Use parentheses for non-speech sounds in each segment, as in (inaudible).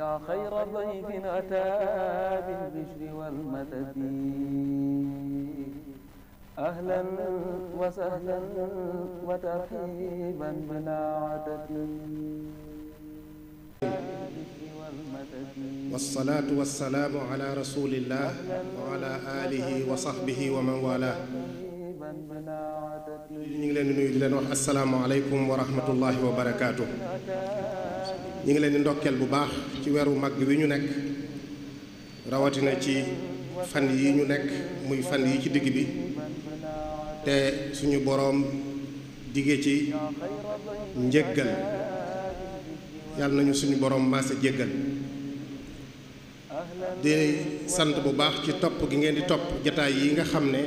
yaa xayra dayfin ataa bil bishri wal madadi ahlan wa sahlan wa tarhiiban bilaa adadi wassalaatu wassalaamu ala rasulillah wa ala aalihi wa sahbihi wa man waalaa ñu ngi leen di nuyu di leen wax assalaamu aleykum wa rahmatullahi wa barakaatu ñu ngi leen di ndokkeel bu baax ci weeru mag bi ñu nekk rawatina ci fan yi ñu nekk muy fan yi ci digg bi te suñu boroom digee ci njëggal yàlla nañu suñu boroom maase jéggal di sant bu baax ci topp gi ngeen di topp jataay yi nga xam ne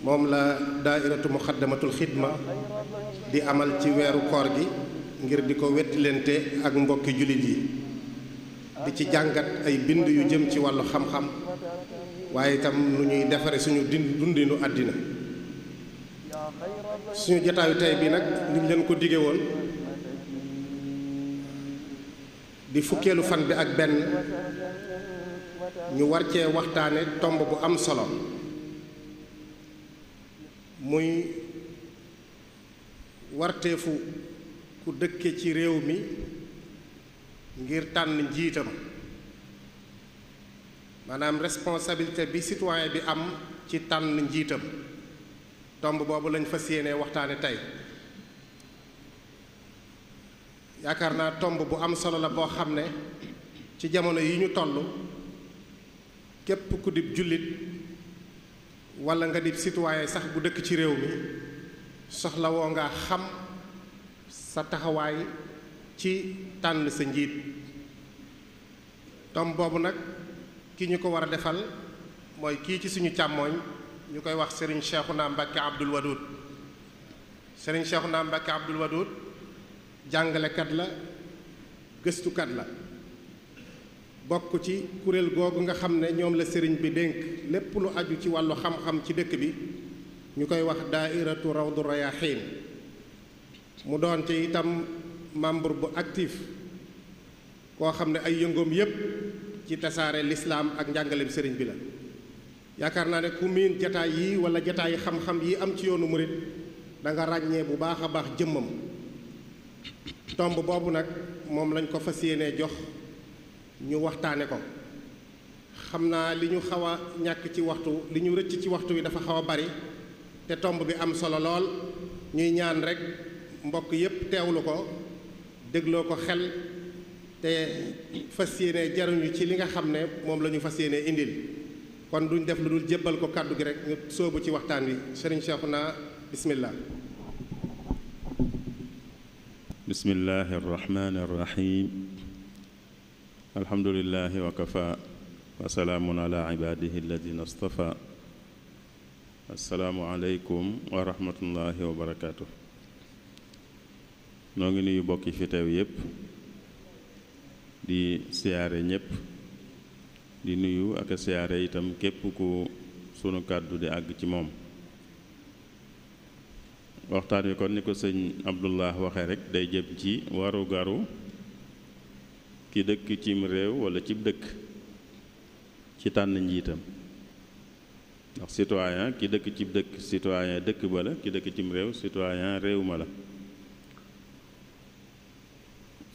moom la daairatu muxaddamatul xidma di amal ci weeru koor gi ngir di ko wettilente ak mbokki jullit yi di ci jàngat ay bind yu jëm ci wàllu xam-xam waaye itam lu ñuy defare suñu din àddina suñu jotaayu tey bi nag niñ leen ko digge woon di fukkeelu fan bi ak benn ñu war waxtaane tomb bu am solo muy warteefu ku dëkkee ci réew mi ngir tànn njiitam maanaam responsabilité bi citoyen bi am ci tànn njiitam tomb boobu lañ fas yéene waxtaane tey yaakaar naa tomb bu am solo la boo xam ne ci jamono yi ñu toll képp ku jullit wala nga di citoyen sax bu dëkk ci réew mi soxla nga xam sa taxawaay ci tànn sa njiit tom boobu nag ki ñu ko war a defal mooy kii ci suñu càmmooñ ñu koy wax Serigne Cheikhouna Mbacké Abdoul sëriñ Serigne Cheikhouna Mbacké Abdoul Wadoud jàngalekat la gëstukat la bokk ci kuréel googu nga xam ne ñoom la sëriñ bi dénk lépp lu aju ci wàllu xam-xam ci dëkk bi ñu koy wax daairatu rawdu rayaxiin mu doon ci itam membre bu actif koo xam ne ay yëngoom yépp ci tasaare lislaam ak njàngaleem sëriñ bi la yaakaar naa ne ku miin jataay yi wala jataay xam-xam yi am ci yoonu murit danga ràññee bu baax a baax jëmmam tomb boobu nag moom lañ ko fas yéenee jox ñu waxtaane ko xam naa li ñu xaw a ñàkk ci waxtu li ñu rëcc ci waxtu wi dafa xaw a bari te tomb bi am solo lool ñuy ñaan rekk mbokk yépp teewlu ko dégloo ko xel te fas yéene jaruñu ci li nga xam ne moom la ñu fas yéene indil kon duñ def lu dul jébbal ko kàddu gi rek ñu sóobu ci waxtaan wi sëriñ Cheikhouna bismillah bismillahi arrahmani arrahim alhamdulilahi wa kafa wa salaamun ala ibadihi alladina astafa assalaamu aleykum wa rahmatullahi noo ngi nuyu bokki fi teew yépp di siyaare ñépp di nuyu ak siyaare itam képp ku sunu kàddu di àgg ci moom waxtaan wi kon ni ko sëñ Abdullah waxe rek day jëm ci waru garu ki dëkk cim réew wala cib dëkk ci tànn njiitam ndax citoyen ki dëkk cib dëkk citoyen dëkk ba la ki dëkk cim réew citoyen réew ma la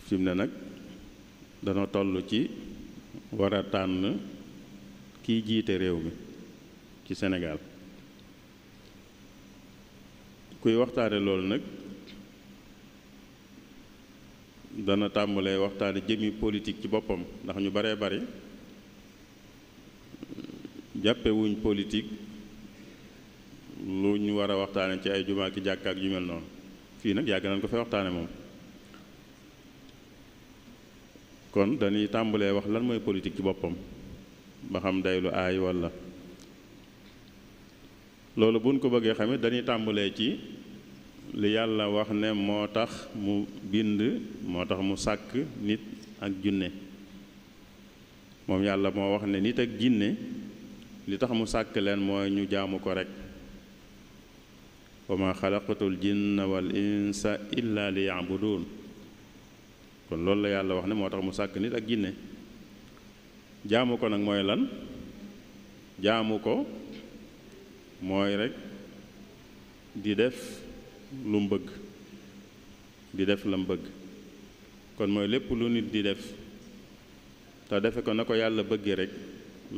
fim ne nag dana tollu ci war a tànn kiy jiite réew mi ci Sénégal kuy waxtaane loolu nag dana tàmbalee waxtaane jëmi politik ci boppam ndax ñu baree bari jàppewuñ politik lu ñu war a waxtaane ci ay jumaa ki jàkk ak yu mel noonu fii nag yàgg nañ ko fee waxtaane moom kon dañuy tàmbalee wax lan mooy politique ci boppam ba xam day lu aay walla loolu buñ ko bëggee xamit dañuy tàmbalee ci li yàlla wax ne moo tax mu bind moo tax mu sàkk nit ak junne moom yàlla moo wax ne nit ak jinne li tax mu sàkk leen mooy ñu jaamu ko rekk wa ma xalaqatul jinna wal insa illa bu yabudun kon loolu la yàlla wax ne moo tax mu sàkk nit ak jinne jaamu ko nag mooy lan jaamu ko mooy rek di def lum bëgg di def lam bëgg kon mooy lépp lu nit di def te defe ko na ko yàlla bëggee rek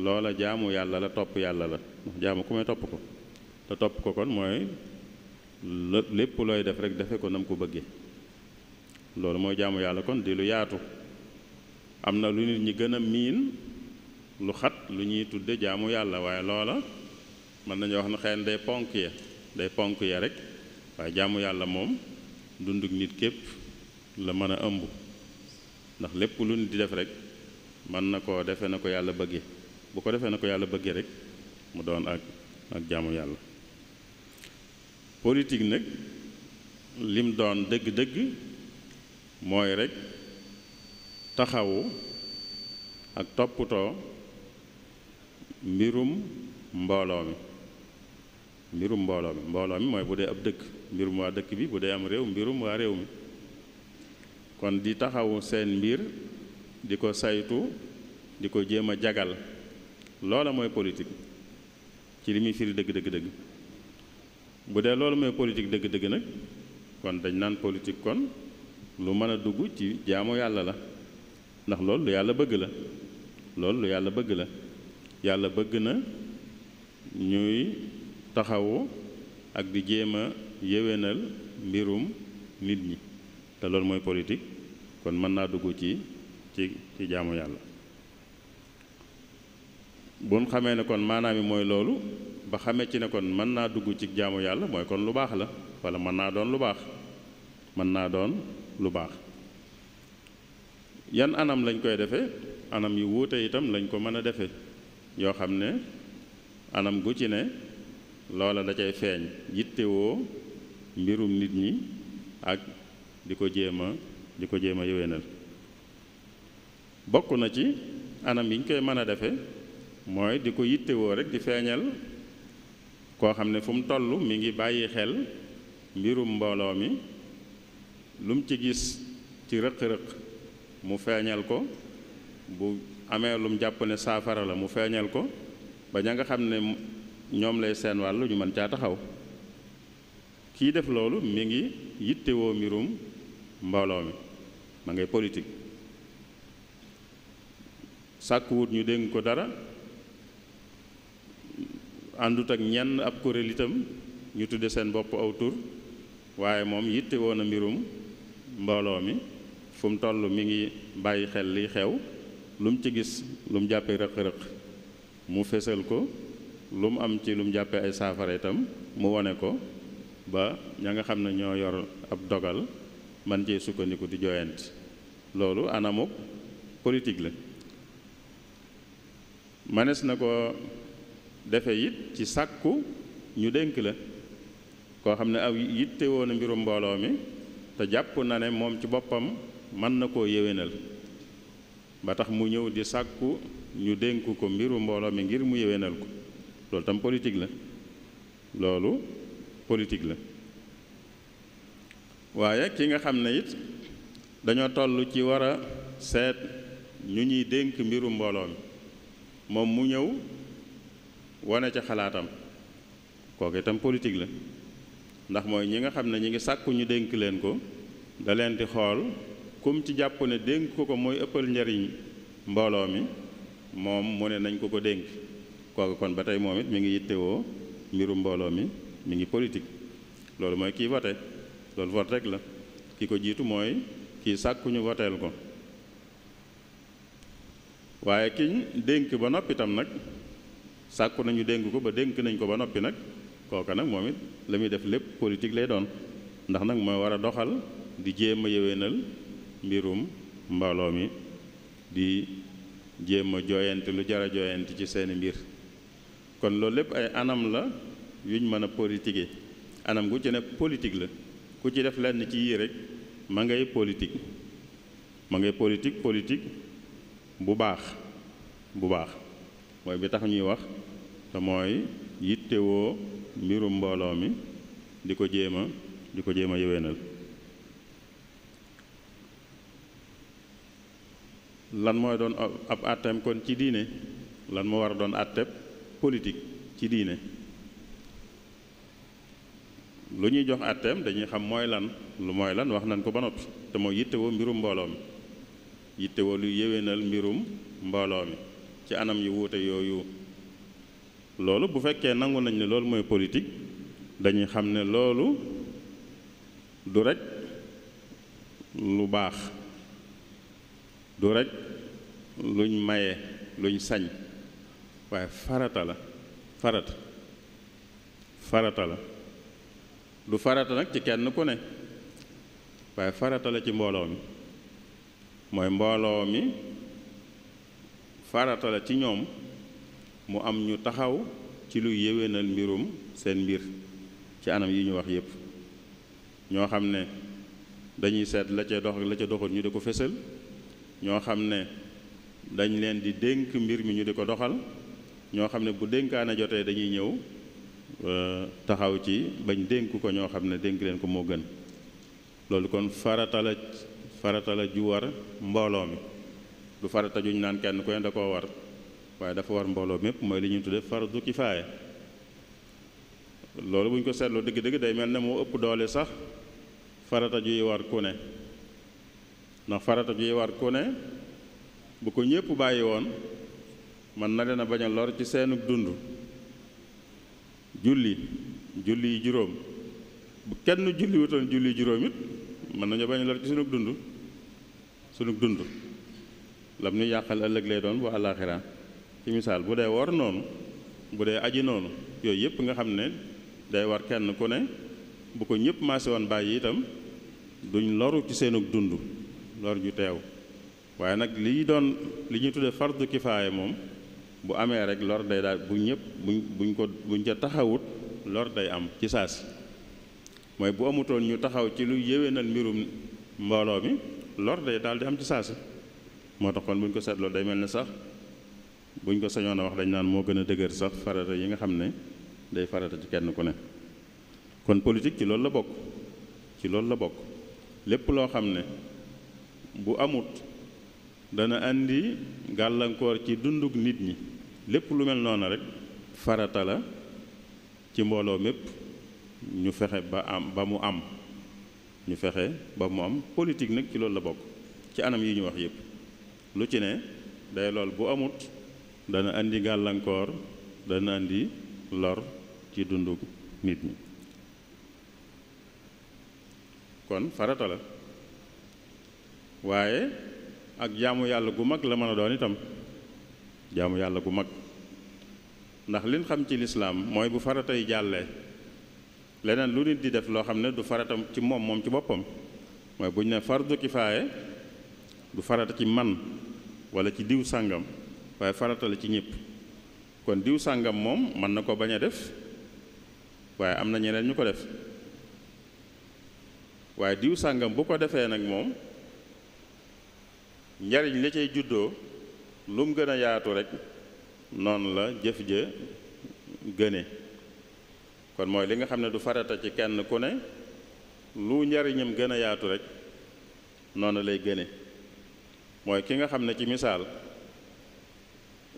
loola jaamu yàlla la topp yàlla la jaamu ku may topp ko te topp ko kon mooy lépp looy def rek defe ko na mu ko bëggee loolu mooy jàmm yàlla kon di lu yaatu am na lu nit ñi gën a miin lu xat lu ñuy tudde jaamu yàlla waaye loola mën nañu wax ne xëy na day ponk ya day ponk ya rek waaye jàmm yàlla moom dunduk nit képp la mën a ëmb ndax lépp lu nit di def rek mën na ko defee na ko yàlla bëgge bu ko defee na ko yàlla bëggee rek mu doon ak ak jaamu yàlla politique nag lim doon dëgg-dëgg mooy rekk taxawu ak toppatoo mbirum mbooloo mi mbirum mbooloo mi mbooloo mi mooy bu dee ab dëkk mbirum waa dëkk bi bu dee am réew mbirum waa réew mi kon di taxawu seen mbir di ko saytu di ko jéem a jagal loola mooy politique ci li muy firi dëgg dëgg dëgg bu dee loolu mooy politique dëgg dëgg nag kon dañ naan politik kon lu mën a dugg ci jaamu yàlla la ndax loolu lu yàlla bëgg la loolu lu yàlla bëgg la yàlla bëgg na ñuy taxawu ak di jéem a yéwénal mbirum nit ñi te loolu mooy politik kon mën naa dugg ci ci ci jaamu yàlla buñ xamee ne kon maanaam mooy loolu ba xamee ci ne kon mën naa dugg ci jaamu yàlla mooy kon lu baax la wala mën naa doon lu baax mën naa doon lu baax yan anam lañ koy defee anam yu wuute itam lañ ko mën a defee yoo xam ne anam gu ci ne loola da cay feeñ yittewoo mbirum nit ñi ak di ko jéem di ko jéem a yéwénal bokk na ci anam yi ñu koy mën a defe mooy di ko yittewoo rek di feeñal koo xam ne fu mu toll mi ngi bàyyi xel mbirum mbooloo mi lum ci gis ci rëq-rëq mu feeñal ko bu amee lu mu saafara la mu feeñal ko ba ña nga xam ne ñoom lay seen wàllu ñu mën caa taxaw kii def loolu mi ngi yittewoo mbirum mbooloo mi ma ngay politique sàkkuwut ñu dénk ko dara àndut ak ñenn ab kuréel itam ñu tudde seen bopp aw tur waaye moom yitte yittewoo na mbirum mbooloo mi fu mu toll mi ngi bàyyi xel liy xew lum ci gis lu mu jàppee rëq-rëq mu fésal ko lu am ci lu mu jàppee ay saafara itam mu wone ko ba ña nga xam ne ñoo yor ab dogal man cee sukkandiku di joyant loolu anamuk politik la manes na ko defe it ci sàkku ñu dénk la koo xam ne aw yitte woon mbirum mbooloo mi te jàpp na ne moom ci boppam mën na koo yéwénal ba tax mu ñëw di sàkku ñu dénk ko mbiru mbooloo mi ngir mu yéwénal ko loolu tam politique la loolu politik la waaye ki nga xam ne it dañoo toll ci war a seet ñu ñuy dénk mbiru mbooloo mi moom mu ñëw wane ca xalaatam kooku tam politique la ndax mooy ñi nga xam ne ñi ngi sàkku ñu dénk leen ko da leen di xool kum ci jàpp ne dénk ko ko mooy ëppal njariñ mbooloo mi moom mu ne nañ ko ko dénk kooku kon ba tey moom it mu ngi yittewoo mbiru mbooloo mi mu ngi politique loolu mooy kii vote loolu vote rek la ki ko jiitu mooy kii sàkkuñu voteel ko waaye kiñ dénk ba noppi tam nag sàkku nañu dénk ko ba dénk nañ ko ba noppi nag kooka nag moom it la muy def lépp politique lay doon ndax nag mooy war a doxal di jéem a yëwénal mbirum mbooloo mi di jéem a jooyante lu jar a jooyante ci seeni mbir kon loolu lépp ay anam la yuñ mën a politiquer anam gu ci ne politique la ku ci def lenn ci yii rek ma ngay politique ma ngay politique politique bu baax bu baax mooy bi tax ñuy wax te mooy yittewoo mbirum mbooloo mi di ko jéem a di ko jéem a yëwénal lan mooy doon ab àtteem kon ci diine lan moo war a doon àtteeb politique ci diine lu ñuy jox àtteem dañuy xam mooy lan lu mooy lan wax nañ ko ba noppi te mooy yittewoo mbirum mbooloo mi yittewoo luy yéwénal mbirum mbooloo mi ci anam yi wuute yooyu loolu bu fekkee nangu nañ ne loolu mooy politique dañuy xam ne loolu du rekk lu baax du rek luñ maye luñ sañ waaye farata la farat farata la du farata nag ci kenn ku ne waaye farata la ci mbooloo mi mooy mbooloo mi farata la ci ñoom mu am ñu taxaw ci lu yéwénal mbirum seen mbir ci anam yi ñu wax yépp ñoo xam ne dañuy seet la ca dox la ca doxut ñu di ko fésal ñoo xam ne dañ leen di dénk mbir mi ñu di ko doxal ñoo xam ne bu dénkaana jotee dañuy ñëw euh, taxaw ci bañ dénk ko ñoo xam ne dénk leen ko moo gën loolu kon farata la farata la ju war mbooloo mi du farata ju ñu naan kenn ku ne da koo war waaye dafa war mbooloo mépp mooy li ñuy tudde fardu kifaaya loolu bu ñu ko seetloo dëgg-dëgg day mel ne moo ëpp doole sax farata juy war ku ne ndax farata bi war ku ne bu ko ñépp bàyyi woon mën na leen a bañ a lor ci seenug dund julli julli juróom bu kenn julli wutoon julli juróom mën nañu bañ a lor ci sunug dund sunug dund lam ñu yàqal ëllëg lay doon bu àllaaxira ci misaal bu dee wor noonu bu dee aji noonu yooyu yépp nga xam ne day war kenn ku ne bu ko ñépp maase woon bàyyi itam duñ loru ci seenug dund lor ju teew waaye nag li doon li ñuy tudde fardu kifaaya moom bu amee rek lor day daal bu ñëpp buñ buñ ko buñ ca taxawut lor day am ci saasi mooy bu amutoon ñu taxaw ci lu yéwénal mbirum mbooloo mi lor day daal di am ci saasi moo tax kon buñ ko seetloo day mel ne sax buñ ko sañoon a wax dañ naan moo gën a dëgër sax farata yi nga xam ne day farata ci kenn ku ne kon politique ci loolu la bokk ci loolu la bokk lépp loo xam ne bu amut dana indi gàllankoor ci dunduk nit ñi lépp lu mel noonu rek farata la ci mbooloo mépp ñu fexe ba am ba mu am ñu fexe ba mu am politik nag ci loolu la bokk ci anam yi ñu wax yépp lu ci ne day lool bu amut dana indi gàllankoor dana indi lor ci dunduk nit ñi kon farata la waaye ak jaamu yàlla gu mag la mën a doon itam jaamu yàlla gu mag ndax liñ xam ci lislaam mooy bu faratay jàllee leneen lu nit di def loo xam ne du faratam ci moom moom ci boppam mooy bu ñu ne fardu kifaaye du farata ci man wala ci diw sàngam waaye farata ci ñépp kon diw sàngam moom mën na ko bañ a def waaye am na ñeneen ñu ko def waaye diw sàngam bu ko defee nag moom njariñ li cay juddoo lu mu gën a yaatu rek noonu la jëf ja gëne kon mooy li nga xam ne du farata ci kenn ku ne lu njariñam gën a yaatu rek noonu lay gëne mooy ki nga xam ne ci misaal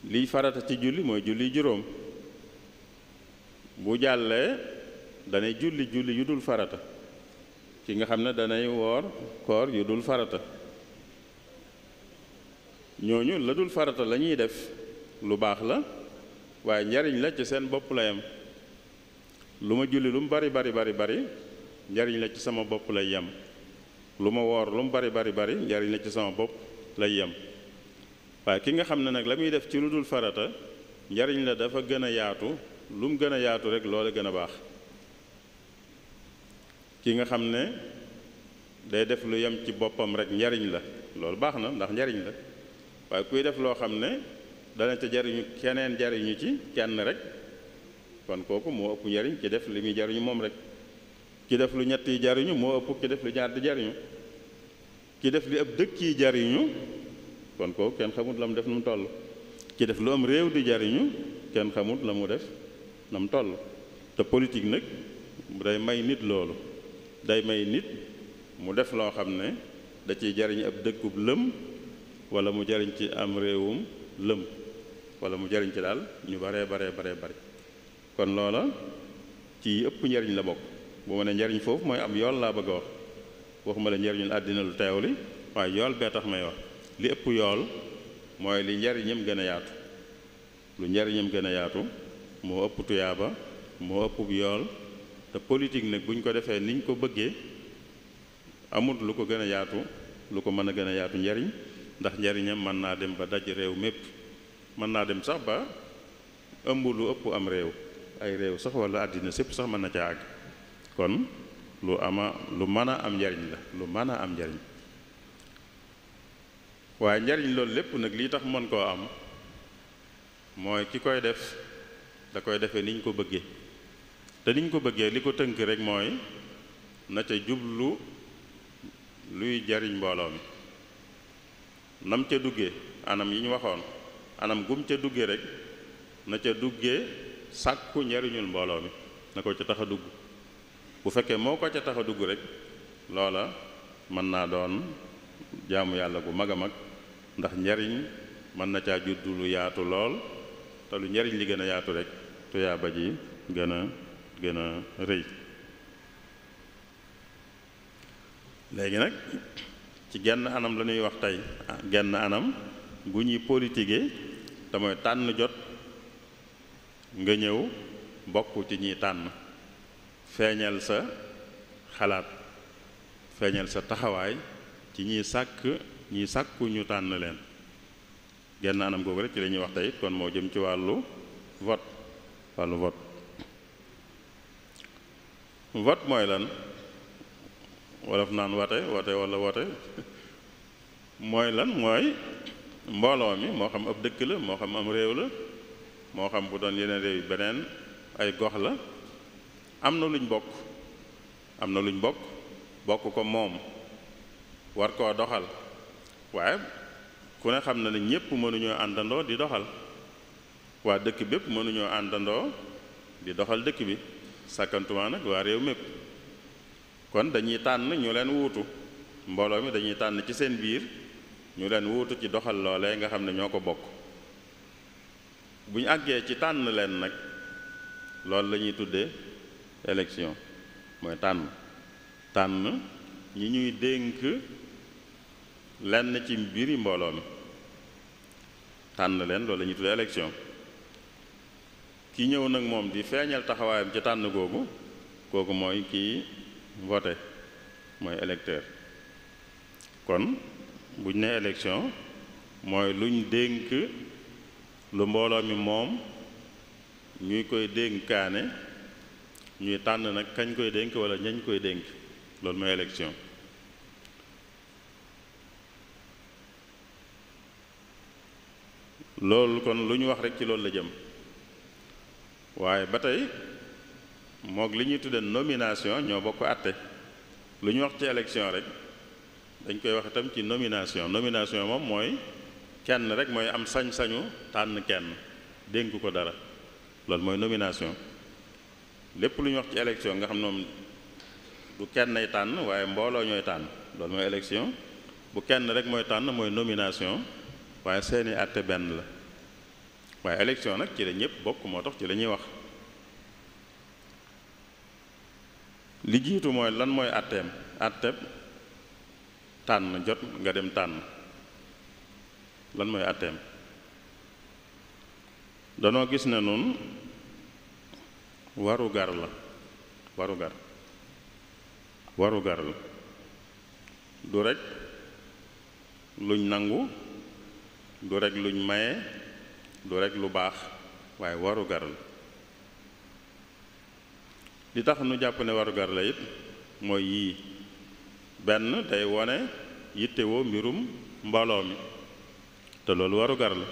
liy farata ci julli mooy julli juróom bu jàllee danay julli julli yu dul farata ki nga xam ne danay woor koor yu dul farata ñooñu la dul farata la ñuy def lu baax la waaye njariñ la ci seen bopp la yem lu ma julli lum bari bari bari bari njariñ la ci sama bopp lay yem lu ma woor lu bari bari bari njariñ la ci sama bopp lay yem waaye ki nga xam ne nag la muy def ci lu dul farata njariñ la dafa gën a yaatu lu mu gën a yaatu rek loola gën a baax ki nga xam ne day def lu yem ci boppam rek njariñ la loolu baax na ndax njariñ la waaye kuy def loo xam ne dana ca jariñu keneen jariñu ci kenn rek kon kooku moo ëpp njariñ ci def li muy jariñu moom rek ki def lu ñett yi jariñu moo ëpp ki def lu ñaar di jariñu ki def li ab dëkk yi jariñu kon kooku kenn xamut la mu def nu mu toll ki def lu am réew di jariñu kenn xamut la mu def na mu toll te politique nag day may nit loolu day may nit mu def loo xam ne da ciy jariñu ab dëkkub lëm wala mu jariñ ci am réewum lëm wala mu jariñ ci daal ñu baree baree baree bari kon loola ci ëpp njariñ la bokk bu ma ne njariñ foofu mooy am yool laa bëgg a wax waxuma la njariñul àddina lu teew li waaye yool bee tax may wax li ëpp yool mooy li njariñam gën a yaatu lu njariñam gën a yaatu moo ëpp tuyaaba moo ëpp yool te politique nag bu ko defee ni ko bëggee amut lu ko gën a yaatu lu ko mën a gën a yaatu njariñ ndax njariñam mën naa dem ba daj réew mépp mën naa dem sax ba ëmb lu ëpp am réew ay réew sax wala àddina sépp sax mën na ca àgg kon lu ama lu mën a am njariñ la lu mën a am njariñ waaye njariñ loolu lépp nag lii tax mën koo am mooy ki koy def da koy defee niñ ko bëggee te niñ ko bëggee li ko tënk rek mooy na ca jublu luy jariñ mbooloo mi nam ca duggee anam yi ñu waxoon anam gum ca duggee rek na ca duggee sàkku njariñul mbooloo mi na ko ca tax a dugg bu fekkee moo ko ca tax a dugg rek loola mën naa doon jaamu yàlla gu mag a mag ndax njariñ mën na caa juddu lu yaatu lool te lu njariñ li gën a yaatu rek tuyaaba ji gën a gën a rëy léegi nag ci genn anam lañuy wax tey ah, genn anam gu ñuy politiquer te mooy tànn jot nga ñëw bokk ci ñiy tànn feeñal sa xalaat feeñal sa taxawaay ci ñiy sàkk ñiy sàkku ñu tànn leen genn anam googu rek ci lañuy wax tey kon moo jëm ci wàllu vote wàllu vote vote mooy lan wolof naan wate wate wala wate mooy lan mooy mbooloo mi moo xam ab dëkk la moo xam am réew la moo xam bu doon yeneen réew yi beneen ay gox la am na luñ bokk am na luñ bokk bokk ko moom war koo doxal waaye ku ne xam na ne ñépp mënuñoo àndandoo di doxal waa dëkk bépp mënuñoo àndandoo di doxal dëkk bi sàkkantumaa nag waa réew mépp kon dañuy tànn ñu leen wuutu mbooloo mi dañuy tànn ci seen biir ñu leen wuutu ci doxal loolee nga xam ne ñoo ko bokk bu ñu àggee ci tànn leen nag loolu lañuy ñuy tuddee élection mooy tànn tànn ñi ñuy dénk lenn ci mbiri mbooloo mi tànn leen loolu la ñuy tuddee ki ñëw nag moom di feeñal taxawaayam ci tànn googu kooku mooy kii voté mooy électeur kon bu ñu nee élection mooy luñ dénk lu mbooloo mi moom ñuy koy dénkaane ñuy tànn nag kañ koy dénk wala ñañ koy dénk loolu mooy élection loolu kon lu ñu wax rekk ci loolu la jëm waaye ba tey mook li ñuy tudde nomination ñoo bokk àtte lu ñu wax ci élection rek dañ koy wax itam ci nomination nomination moom mooy kenn rek mooy am sañ-sañu tànn kenn dénk ko dara loolu mooy nomination lépp lu ñu wax ci élection nga xam ne moom du kenn ay tànn waaye mbooloo ñooy tànn loolu mooy élection bu kenn rek mooy tànn mooy nomination waaye seeni àtte benn la waaye élection nag ci la ñëpp bokk tax ci la ñuy wax li jiitu mooy lan mooy àtteem àtteem tànn jot nga dem tànn lan mooy àtteem danoo gis ne nun warugar la warugar warugar la du rekk luñ nangu du rekk luñ maye du rekk lu baax waaye warugar la li tax nu jàpp ne warugar la it mooy yii benn day wone yittewoo mbirum mbooloo mi te loolu warugar la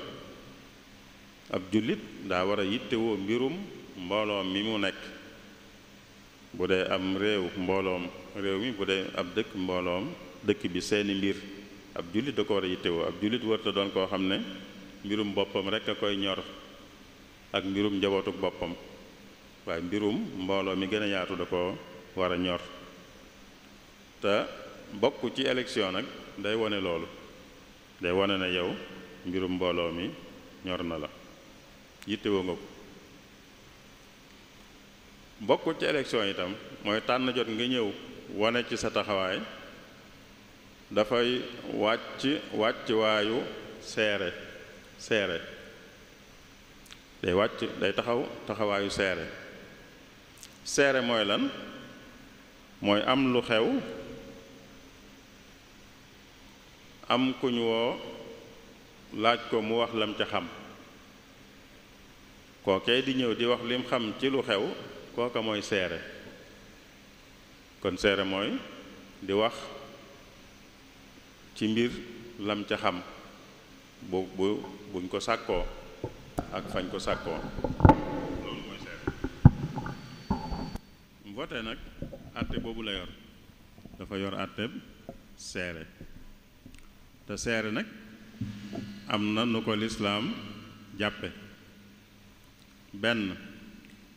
ab jullit daa war a yittewoo mbirum mbooloo mi mu nekk bu dee am réew mbooloom réew mi bu dee ab dëkk mbooloom dëkk bi seeni mbir ab jullit da ko war a yittewoo ab jullit warta doon koo xam ne mbirum boppam rekk a koy ñor ak mbirum njabootuk boppam waaye mbirum mbooloo mi gën a yaatu da ko war a ñor te bokk ci élection nag day wone loolu day wone na yow mbirum mbooloo mi ñor na la yittewoo nga ko bokk ci élection itam mooy tànn jot nga ñëw wane ci sa taxawaay dafay wàcc wàcc waayu seere seere day wàcc day taxaw taxawaayu seere seere mooy lan mooy am lu xew am ku ñu woo laaj ko mu wax lam ca xam kookee di ñëw di wax lim xam ci lu xew kooka mooy seere kon seere mooy di wax ci mbir lam ca xam bu bu buñ ko sàkkoo ak fañ ko sàkkoo voté nag àtte boobu la yor dafa yor àtte seere te seere nag am na nu ko lislaam jàppe benn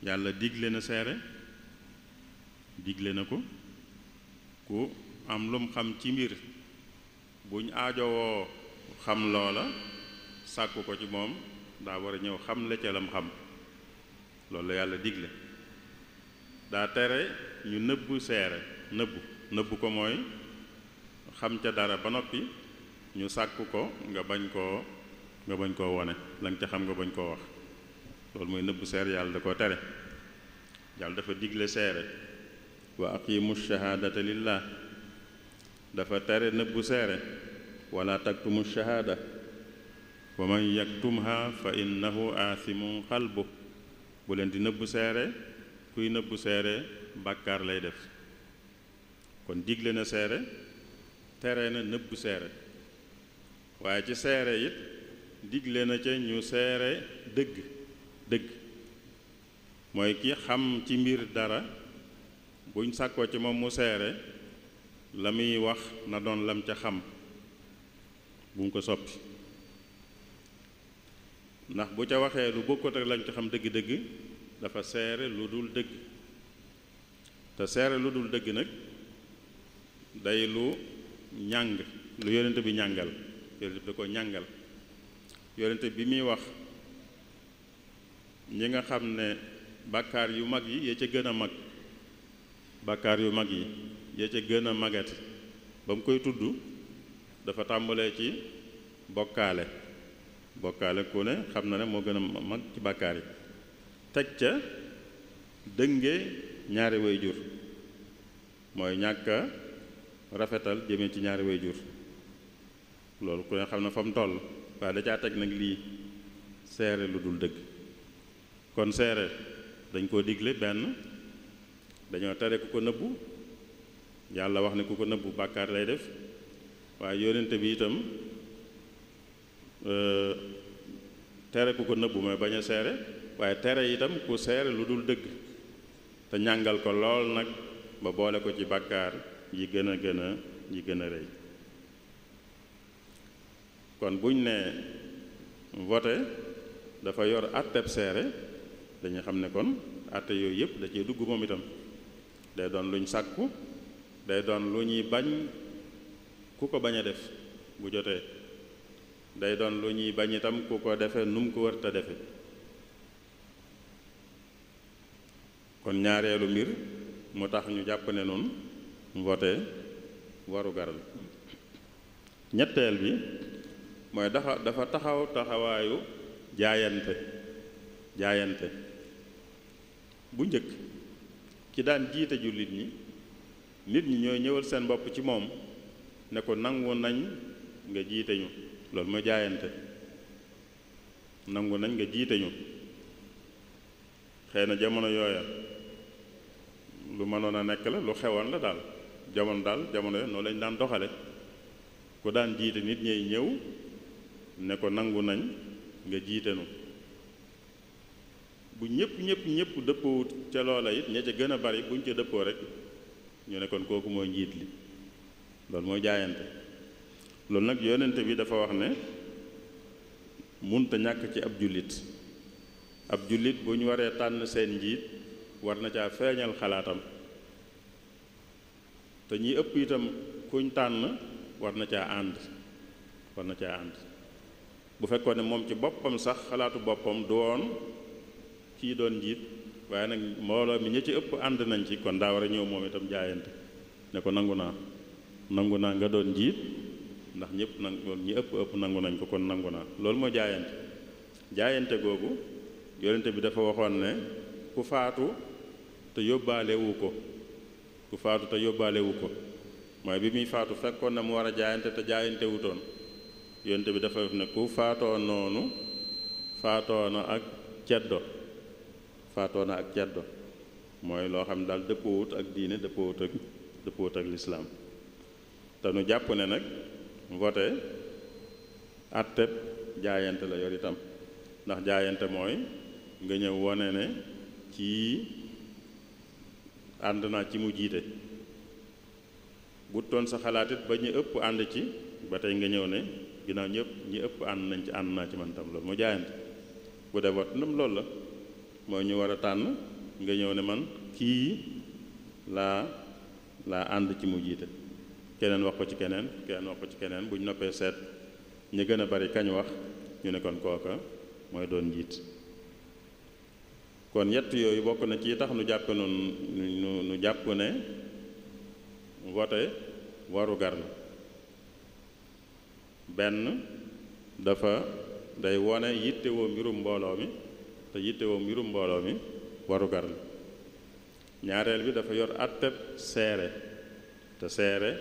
yàlla digle na seere digle na ko ku am lum xam ci mbir buñ aajowoo xam loola sàkku ko ci moom daa war a ñëw xam la ca xam loolu la yàlla digle daa tere ñu nëbbu seere nëbbu nëbbu ko mooy xam ca dara ba noppi ñu sàkk ko nga bañ koo nga bañ koo wone lañ ca xam nga bañ koo wax loolu mooy nëbbu seer yàlla da koo tere yàlla dafa digle seere wa aqimu shahaadata lillah dafa tere nëbbu seere wala taktumu shahaada wa man yaktumha fa innahu aasimun qalbu bu leen di nëbbu seere kuy nëbbu seere bàkkaar lay def kon digle na seere tere na nëbbu seere waaye ci seere it digle na ca ñu seere dëgg dëgg mooy kii xam ci mbir dara buñ sàkkoo ci moom mu seere la muy wax na doon lam ca xam bu mu ko soppi ndax bu ca waxee lu bokkut ak lañ ca xam dëgg-dëgg dafa seere lu dul dëgg te seere lu dul dëgg nag day lu ñàng lu yonent bi ñàngal yonent bi da ko ñàngal yonent bi muy wax ñi nga xam ne bàkkaar yu mag yi yee ca gën a mag bàkkaar yu mag yi yee ca gën a magati ba mu koy tudd dafa tàmbalee ci bokkaale bokkaale ku ne xam na ne moo gën a mag ci bàkkaar yi teg ca dënge ñaari jur mooy ñàkk rafetal jëmee ci ñaari jur loolu ku ne xam na fa mu toll waaye da caa teg nag lii seere lu dul dëgg kon seere dañ koo digle benn dañoo tere ku ko nëbbu yàlla wax ne ku ko nëbbu bàkkaar lay def waaye yónnente bi itam euh, tere ku ko nëbbu mooy bañ a seere waaye tere itam ku seere lu dul dëgg te ñàngal ko lool nag ba boole ko ci bàkkaar yi gën a gën a yi gën a rëy kon buñ ne vote dafa yor àtteb seere dañu xam ne kon àtte yooyu yëpp da cee dugg moom itam day doon lu luñ sàkku day doon lu ñuy bañ ku ko bañ a def bu jotee day doon lu ñuy bañ itam ku ko defe nu mu ko wër defe kon ñaareelu mbir moo tax ñu jàpp ne noonu vote waru garal ñetteel bi mooy dafa dafa taxaw taxawaayu jaayante jaayante bu njëkk ki daan jiite jullit ñi nit ñi ñooy ñëwal seen bopp ci moom ne ko nangu nañ nga jiite ñu loolu mooy jaayante nangu nañ nga jiite ñu xëy na jamono yooya lu mënoon a nekk la lu xewoon la daal jamono daal jamono yo noonu lañ daan doxale ku daan jiite nit ñay ñëw ne ko nangu nañ nga jiite nu bu ñëpp ñëpp ñëpp dëppoo ca loola it ña ca gën a bari buñ ca dëppoo rek ñu nekkoon kooku mooy njiit li loolu mooy jaayante loolu nag yonente bi dafa wax ne munta ñàkk ci ab jullit ab jullit bu ñu waree tànn seen njiit war na caa feeñal xalaatam te ñi ëpp itam kuñ tànn war na caa ànd war na caa ànd bu fekkoon ne moom ci boppam sax xalaatu boppam doon kii doon njiit waaye nag mbooloo mi ñi ci ëpp ànd nañ ci kon daa war a ñëw moom itam jaayante ne ko nangu naa nangu naa nga doon njiit ndax ñëpp nangu ñi ëpp ëpp nangu nañ ko kon nangu naa loolu moo jaayante jaayante googu yonente bi dafa waxoon ne ku faatu te yóbbaale ko ku faatu te yóbbaale ko mooy bi muy faatu fekkoon na mu war a jaayante te jaayante wutoon yonte bi dafa def ne ku faatoo noonu faatoo na ak ceddo faatoo na ak ceddo mooy loo xam ne daal dëppoowut ak diine dëppoowut ak dëppoowut ak lislaam te nu jàpp ne nag vote atteb jaayante la yor itam ndax jaayante mooy nga ñëw wone ne kii ànd naa ci mu jiite bu toon sa xalaatit ba ñu ëpp ànd ci ba tey nga ñëw ne ginnaaw ñëpp ñi ëpp ànd nañ ci ànd naa ci man tam loolu mu jaayante bu dee wat nam loolu la mooy ñu war a tànn nga ñëw ne man kii laa laa ànd ci mu jiite keneen wax ko ci keneen keneen wax ko ci keneen bu ñu noppee seet ñi gën a bari kañ wax ñu nekkoon kooka mooy doon njiit kon ñett yooyu bokk na ci tax nu jàpp noonu nu nu jàpp ne wote waru gar benn dafa day wone yittewoo mbirum mbooloo mi te yittewoo mbirum mbooloo mi waru gar ñaareel bi dafa yor àtteb seere te seere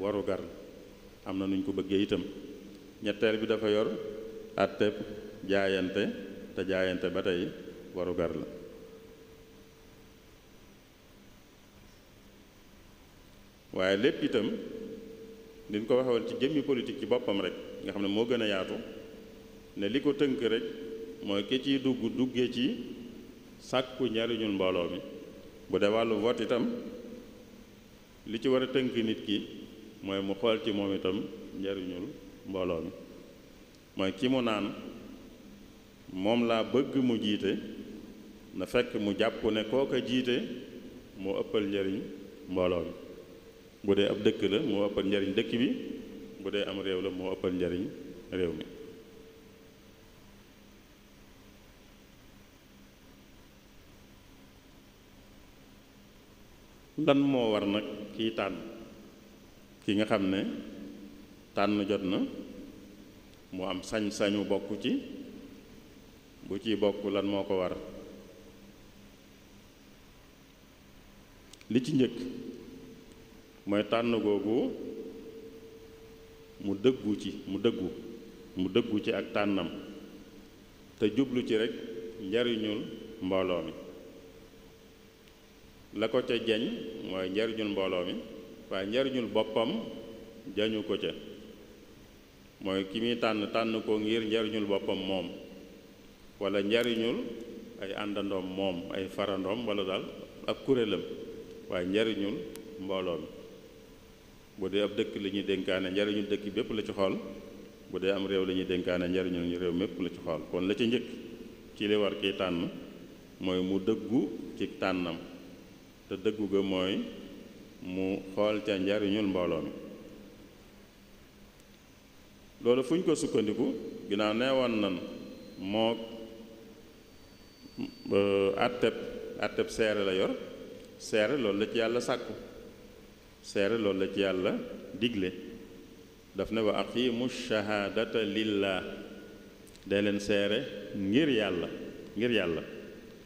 waru gar am na nuñ ko bëggee itam ñetteel bi dafa yor àtteb jaayante te jaayante ba tey waru gar la waaye lépp itam liñ ko waxee woon ci jëmmi politique ci boppam rek nga xam ne moo gën a yaatu ne li ko tënk rek mooy ki ciy dugg dugge ci sàkku njariñul mbooloo mi bu dee wàllu vote itam li ci war a tënk nit ki mooy mu xool ci moom itam njariñul mbooloo mi mooy ki mu naan moom laa bëgg mu jiite na fekk mu jàpp ne kooka jiite moo ëppal njariñ mbooloo mi bu dee ab dëkk la moo ëppal njariñ dëkk bi bu dee am réew la moo ëppal njariñ réew mi lan moo war nag kiy tànn ki nga xam ne tànn jot na mu am sañ-sañu bokk ci bu ci bokk lan moo ko war li ci njëkk mooy tànn googu mu dëggu ci mu dëggu mu dëggu ci ak tànnam te jublu ci rekk njariñul mbooloo mi la ko ca jañ mooy njariñul mbooloo mi waaye njariñul boppam jañu ko ca mooy ki muy tànn tànn ko ngir njariñul boppam moom walla njariñul ay àndandoom moom ay farandoom walla daal ak kuréelam waaye njariñul mbooloo mi bu dee ab dëkk li ñuy dénkaane njariñu dëkk bépp la ci xool bu dee am réew li ñuy dénkaane njariñu réew mépp la ci xool kon la ci njëkk ci li war kiy tànn mooy mu dëggu ci tànnam te dëggu ga mooy mu xool ca njariñul mbooloo mi loolu fu ñu ko sukkandiku ginnaaw neewoon nan moo àtteb euh, àtteb seere la yor seere loolu la ci yàlla sàkku seere loolu la ci yàlla digle daf ne wa aqimu shahaadata lillah dee leen seere ngir yàlla ngir yàlla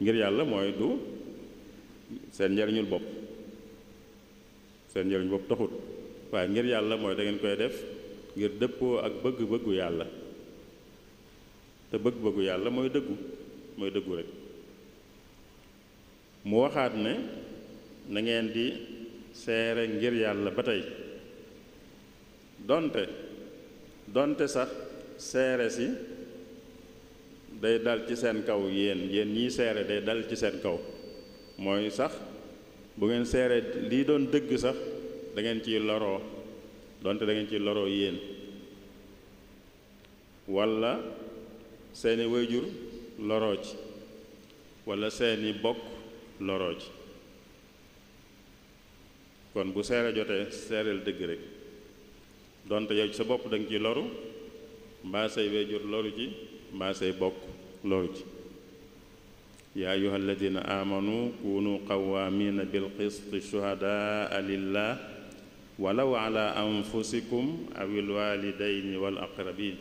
ngir yàlla mooy du seen njariñul bopp seen njariñul bopp taxut waaye ngir yàlla mooy dangeen koy def ngir dëppoo ak bëgg-bëggu yàlla te bëgg-bëggu yàlla mooy dëggu mooy dëggu rekk mu waxaat ne na di seere ngir yàlla ba tey donte donte sax seere si day dal ci seen kaw yéen yéen ñiy seere day dal ci seen kaw mooy sax bu ngeen seere lii doon dëgg sax dangeen ngeen ciy loroo donte da ngeen ciy loro yéen walla seeni wayjur loroo ci walla seeni bokk loroo ci kon bu seere jotee seereel dëgg rek donte yow sa bopp da ci loru mbaa say wéjur loru ci mbaa say bokk loru ci yaa ayuha alladina amanu kunu qawamina bilqisti shuhadaa lillah walaw ala anfusikum aw ilwalidaini wal aqrabin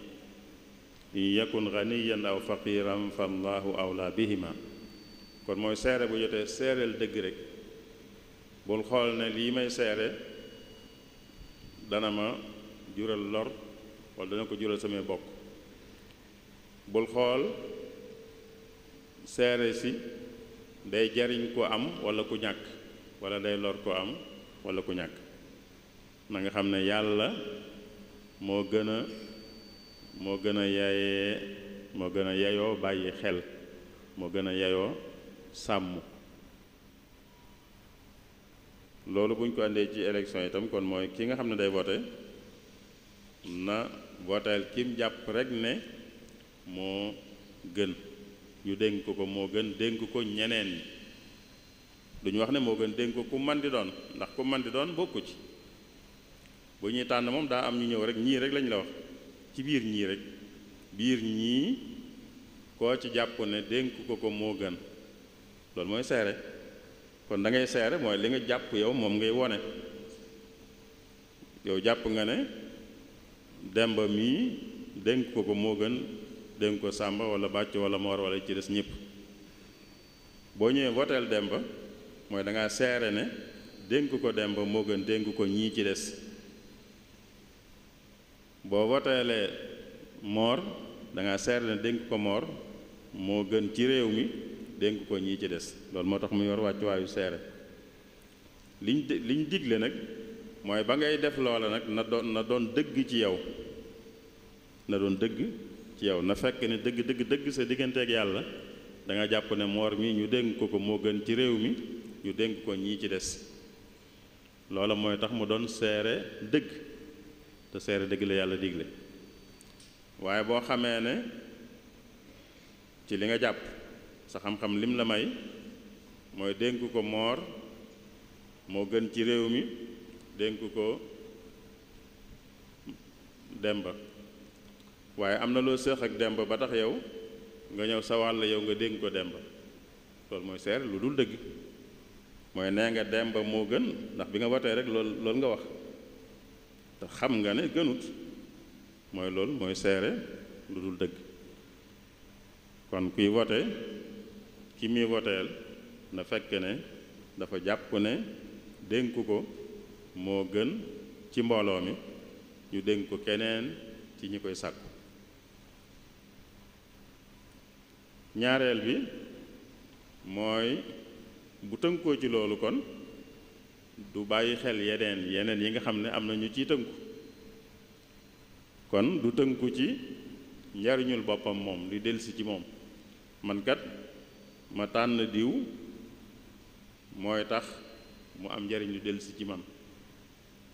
in yakun ganiyan aw faqiran fallahu awla bihima kon mooy seere bu jotee seereel dëgg rek bul xool ne lii may seere dana ma jural lor wala dana ko jural samay bokk bul xool seere si day jariñ ko am walla ku ñàkk walla day lor ku am walla ku ñàkk na nga xam ne yàlla moo gën a moo gën a yaayee moo gën a yayoo bàyyi xel moo gën a yayoo sàmm loolu bu ñu ko àndee ci yi tam kon mooy ki nga xam ne day vote na voteel kim jàpp rek ne moo gën ñu dénk ko ko moo gën dénk ko ñeneen ñi du ñu wax ne moo gën dénk ko ku man di doon ndax ku man di doon bokku ci bu ñuy tànn moom daa am ñu ñëw rek ñii rek lañu la wax ci biir ñii rek biir ñii ko ci jàpp ne dénk ko ko moo gën loolu mooy seere kon da ngay seere mooy li nga jàpp yow moom ngay wone yow jàpp nga ne demba mii dénk ko ko moo gën dénk ko sàmba wala bàcc wala moor wala ci des ñëpp boo ñëwee voteel demba mooy da seere ne dénk ko demba moo gën dénk ko ñii ci des boo woteelee moor da ngaa seere ne dénk ko moor moo gën ci réew mi dénk ko ñii ci des loolu moo tax mu yor wàccuwaayu seere liñ liñ digle nag mooy ba ngay def loola nag na doon na doon dëgg ci yow na doon dëgg ci yow na fekk ne dëgg dëgg dëgg sa digganteeg yàlla da nga jàpp ne moor mi ñu dénk ko ko moo gën ci réew mi ñu dénk ko ñii ci des loola mooy tax mu doon seere dëgg te seere dëgg la yàlla digle waaye boo xamee ne ci li nga jàpp sa xam-xam lim la may mooy dénk ko moor moo gën ci réew mi dénk ko demba waaye am na loo sëx ak demba ba tax yow nga ñëw sa wàll yow nga dénk ko demba loolu mooy seer lu dul dëgg mooy nee nga demba moo gën ndax bi nga watee rek loolu loolu nga wax te xam nga ne gënut mooy loolu mooy seere lu dul dëgg kon kuy wote ki muy woteel na fekk ne dafa jàpp ne dénk ko moo gën ci mbooloo mi ñu dénk ko keneen ci ñi koy sàkku ñaareel bi mooy bu tënkoo ci loolu kon du bàyyi xel yeneen yeneen yi nga xam ne am na ñu ciy tënku kon du tënku ci njariñul boppam moom li delsi ci moom man kat ma tànn diw mooy tax mu am njariñ lu dellusi ci man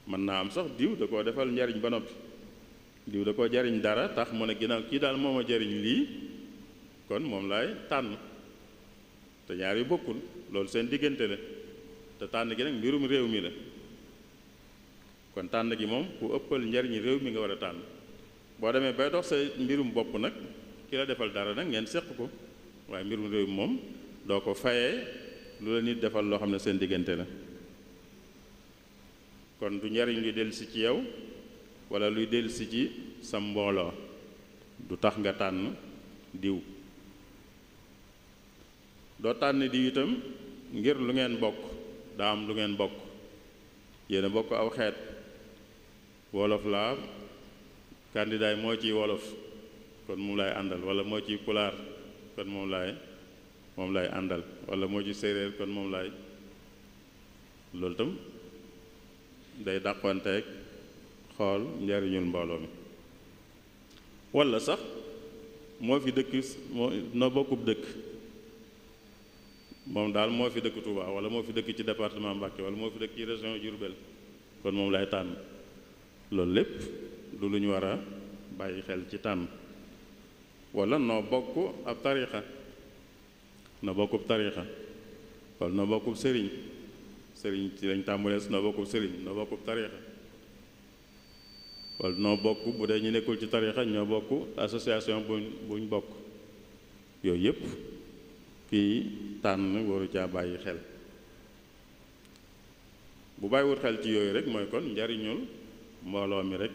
mën naa am sax diw da koo defal njariñ ba noppi diw da koo jariñ dara tax mu a ginnaaw kii daal moo ma jariñ lii kon moom laay tànn te ñaar yu bokkul loolu seen diggante la te tànn gi nag mbirum réew mi la kon tànn gi moom ku ëppal njariñ réew mi nga war a tànn boo demee bay dox sa mbirum bopp nag ki la defal dara nag ngeen séq ko waaye mbirum réew moom doo ko fayee lu la nit defal loo xam ne seen diggante la kon du njariñ luy si ci yow wala luy dellusi ci sa mbooloo du tax nga tànn diw doo tànn diw itam ngir lu ngeen bokk daa am lu ngeen bokk yéen a bokk aw xeet wolof la candidat moo ciy wolof kon mu lay àndal wala moo ciy pulaar kon moom laay moom laay àndal wala moo ci séeréer kon moom laay loolu tam day dàqwanteeg xool njariñul mbooloo mi wala sax moo fi dëkk moo noo bokkub dëkk moom daal moo fi dëkk Touba wala moo fi dëkk ci département Mbacké wala moo fi dëkk ci région Diourbel kon moom lay tànn loolu lépp du lu ñu war a bàyyi xel ci tànn wala noo bokk ab tariixa noo bokkub tariixa wala noo bokkub sëriñ sëriñ ci lañ tàmbulees noo bokkub sëriñ noo bokkub tariixa wala noo bokk bu dee ñu nekkul ci tariixa ñoo bokk association buñ buñ bokk yooyu yépp kii tànn waru caa bàyyi xel bu bàyyiwut xel ci yooyu rek mooy kon njariñul mbooloo mi rek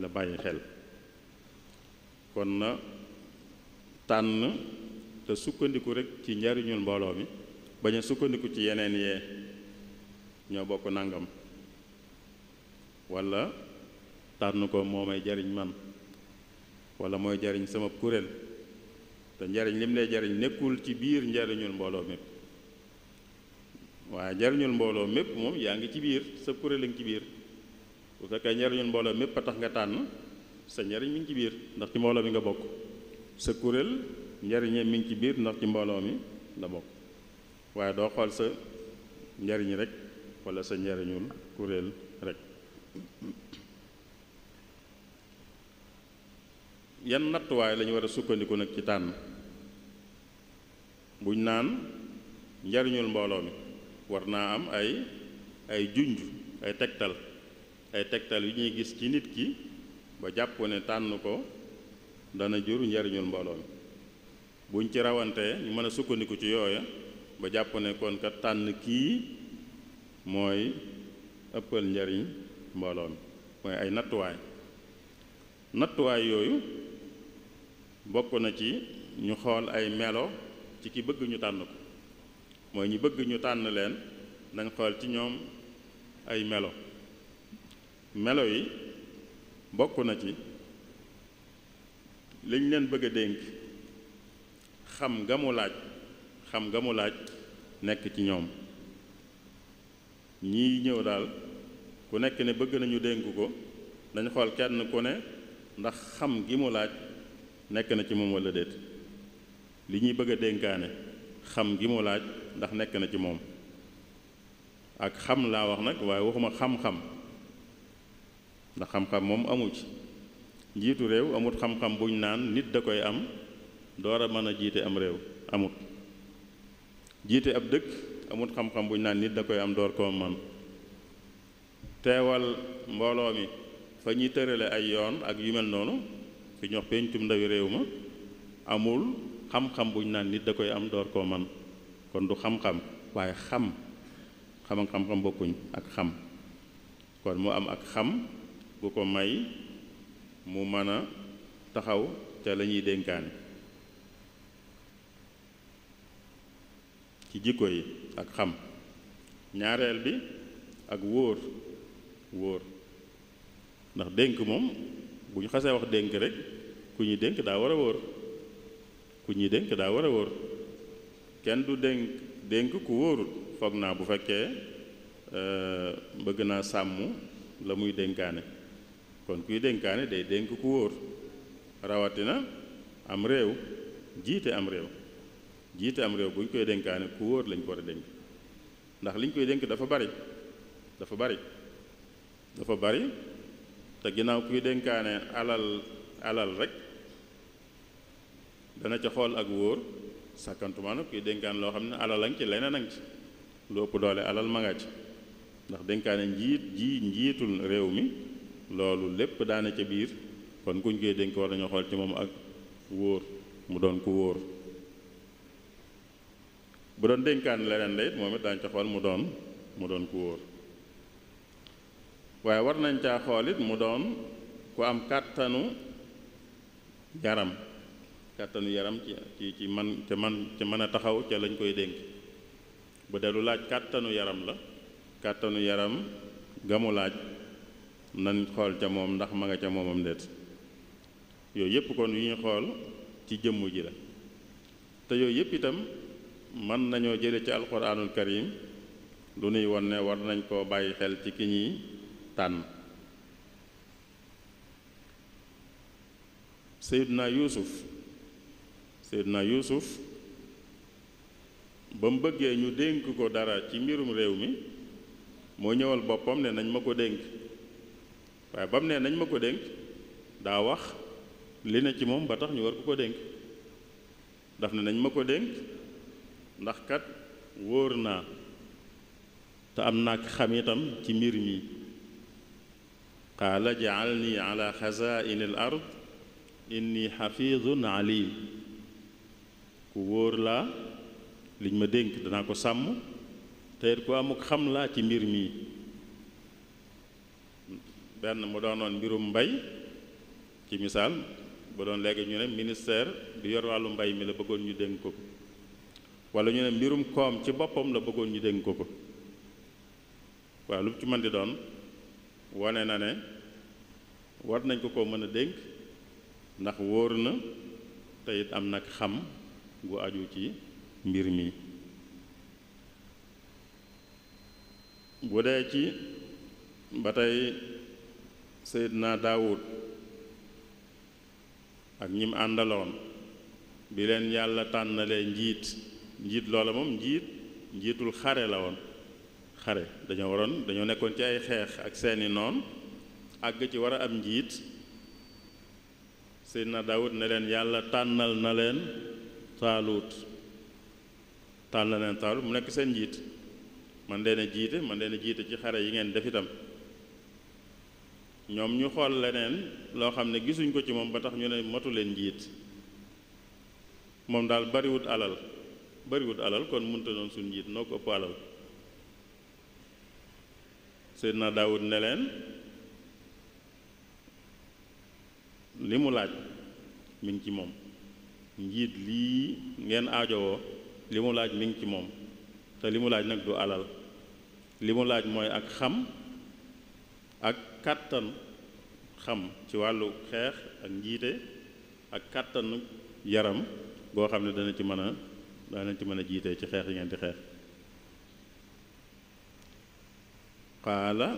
la bàyyi xel kon na tànn te sukkandiku rekk ci njariñul mbooloo mi bañ a sukkandiku ci yeneen yee ñoo bokk nangam walla tànn ko moo jariñ man walla mooy jariñ sama kuréel te njariñ lim lay jariñ nekkul ci biir njariñul mbooloo mépp waaye njariñul mbooloo mépp moom yaa ngi ci biir sa kuréel a ci biir bu fekkee njariñul mbooloo mépp a tax nga tànn sa njariñ mi ci biir ndax ci mbooloo mi nga bokk sa kuréel njariñee mi ci biir ndax ci mbooloo mi la bokk waaye doo xool sa njariñ rek walla sa njariñul kuréel rekk yan nattuwaay lañu war a sukkandiku nag ci tànn buñ naan njariñul mbooloo mi war naa am ay ay junju ay tegtal ay tegtal yu ñuy gis ci nit ki ba jàpp ne tànn ko dana jur njariñul mbooloo mi buñ ci rawantee ñu mën a sukkandiku ci yooya ba jàpp ne ka tànn kii mooy ëppal njariñ mbooloo mi mooy ay nattuwaay nattuwaay yooyu bokk na ci ñu xool ay melo ci ki bëgg ñu tànn ko mooy ñi bëgg ñu tànn leen nañ xool ci ñoom ay melo melo yi bokk na ci liñ leen bëgg dénk xam nga mu laaj xam nga mu laaj nekk ci ñoom ñii ñëw daal ku nekk ne bëgg nañu dénk ko dañ xool kenn ku ne ndax xam gi mu laaj nekk na ci moom walla déet li ñuy bëgg a dénkaane xam gi mu laaj ndax nekk na ci moom ak xam laa wax nag waaye waxuma xam-xam ndax xam-xam moom amul ci njiitu réew amut xam-xam buñ naan nit da koy am door a mën a jiite am réew amut jiite ab dëkk amut xam-xam naan nit da koy am door man teewal mbooloo mi fa ñuy ay yoon ak yu mel noonu fi ñox réew ma amul xam-xam buñ naan nit da koy am door koo man kon du xam-xam waaye xam xam ak xam-xam bokkuñ ak xam kon mu am ak xam bu ko may mu mën a taxaw te la ñuy dénkaane ci jikko yi ak xam ñaareel bi ak wóor wóor ndax dénk moom bu ñu xasee wax dénk rek ku ñuy dénk daa war a wóor ku ñuy dénk daa war a wóor kenn du dénk dénk ku wóorul foog naa bu fekkee euh, bëgg naa sàmm la muy dénkaane kon kuy dénkaane day dénk ku wóor rawatina am réew jiite am réew jiite am réew bu ñu koy dénkaane ku wóor lañ ko war dénk ndax liñ koy dénk dafa bari dafa bari dafa bari te ginnaaw kuy denkaane alal alal rek dana ca xool ak wóor sàkkantumaa nag kuy dénkaan loo xam ne alal a ngi ci leneen a ngi ci lu ëpp doole alal ma nga ci ndax dénkaane njiit ji njiitul réew mi loolu lépp daana ca biir kon kuñ koy dénk war nañoo xool ci moom ak wóor mu doon ku wóor bu doon dénkaan leneen la moom it daañu ca xool mu doon mu doon ku waaye war nañ caa mu doon ku am kàttanu yaram kàttanu yaram ci ci man te man mën a taxaw ca lañ koy dénk bu dee lu laaj kàttanu yaram la kàttanu yaram gamu laaj nan xool ca moom ndax ma nga ca moomam déet yooyu yëpp kon yu ñuy xool ci jëmm ji la te yooyu yëpp itam mën nañoo jële ci alquranul karim lu nuy won ne war nañ koo bàyyi xel ci ki ñuy tànn seyd Seydina Yuusuf na Yuusuf ba mu bëggee ñu dénk ko dara ci mbirum réew mi moo ñëwal boppam ne nañ ma ko dénk waaye ba mu ne nañ ma ko dénk daa wax li ne ci moom ba tax ñu war ko ko dénk daf na nañ ma ko dénk ndax kat wóor naa te am nag xam itam ci mbir mi qaala jaalni ala xazaini al ard inni xafidun alim ku wóor laa liñ ma dénk danaa ko sàmm te it ku amuk xam laa ci mbir mii benn mu doonoon mbirum mbay ci misaal bu doon léegi ñu ne ministère bi yor wàllu mbay mi la bëggoon ñu dénk ko wala ñu ne mbirum koom ci boppam la bëggoon ñu dénk ko waaw lu ci man di doon wane na ne war nañ ko ko mën a dénk ndax wóor na te it am nag xam gu aju ci mbir mi bu dee ci ba tey naa daawut ak ñim àndaloon bi leen yàlla tànnalee njiit njiit loola moom njiit njiitul xare la woon xare dañoo waroon dañoo nekkoon ci ay xeex ak seeni noon àgg ci war a am njiit Seydina Daawud ne leen yàlla tànnal na leen taaluut tànnal na leen taaluut mu nekk seen njiit man leen a jiite man leen a jiite ci xare yi ngeen def itam ñoom ñu xool leneen loo xam ne gisuñ ko ci moom ba tax ñu ne matu leen njiit moom daal bariwut alal bariwut alal kon munta doon suñ njiit noo ko ëpp alal Seydina Daawud ne leen li mu laaj mi ngi ci moom njiit lii ngeen aajowoo li mu laaj mi ngi ci moom te li mu laaj nag du alal li mu laaj mooy ak xam ak kàttan xam ci wàllu xeex ak njiite ak kàttanu yaram goo xam ne dana ci mën a dana ci mën a jiite ci xeex yi ngeen di xeex qaala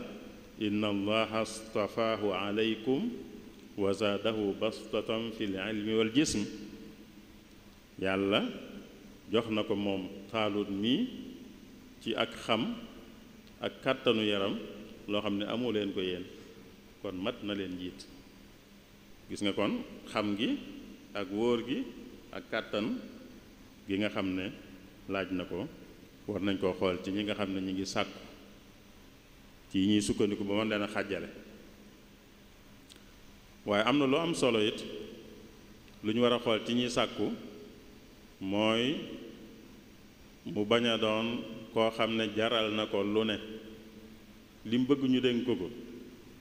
inna allaha astafaahu aleykum wa zaadahu bastatan fi lilmi wal jism yàlla jox na ko moom taalut mi ci ak xam ak kàttanu yaram loo xam ne amoo leen ko yéen kon mat na leen jiit gis nga kon xam gi ak wóor gi ak kàttan gi nga xam ne laaj na ko war nañ koo xool ci ñi nga xam ne ñu ngi sàkku ci ñuy sukkandiku ba mën leen a xàjjale waaye am na lu am solo yit lu ñu war a xool ci ñuy sàkku mooy mu bañ a doon koo xam ne jaral na ko lu ne li mu bëgg ñu dénk ko ko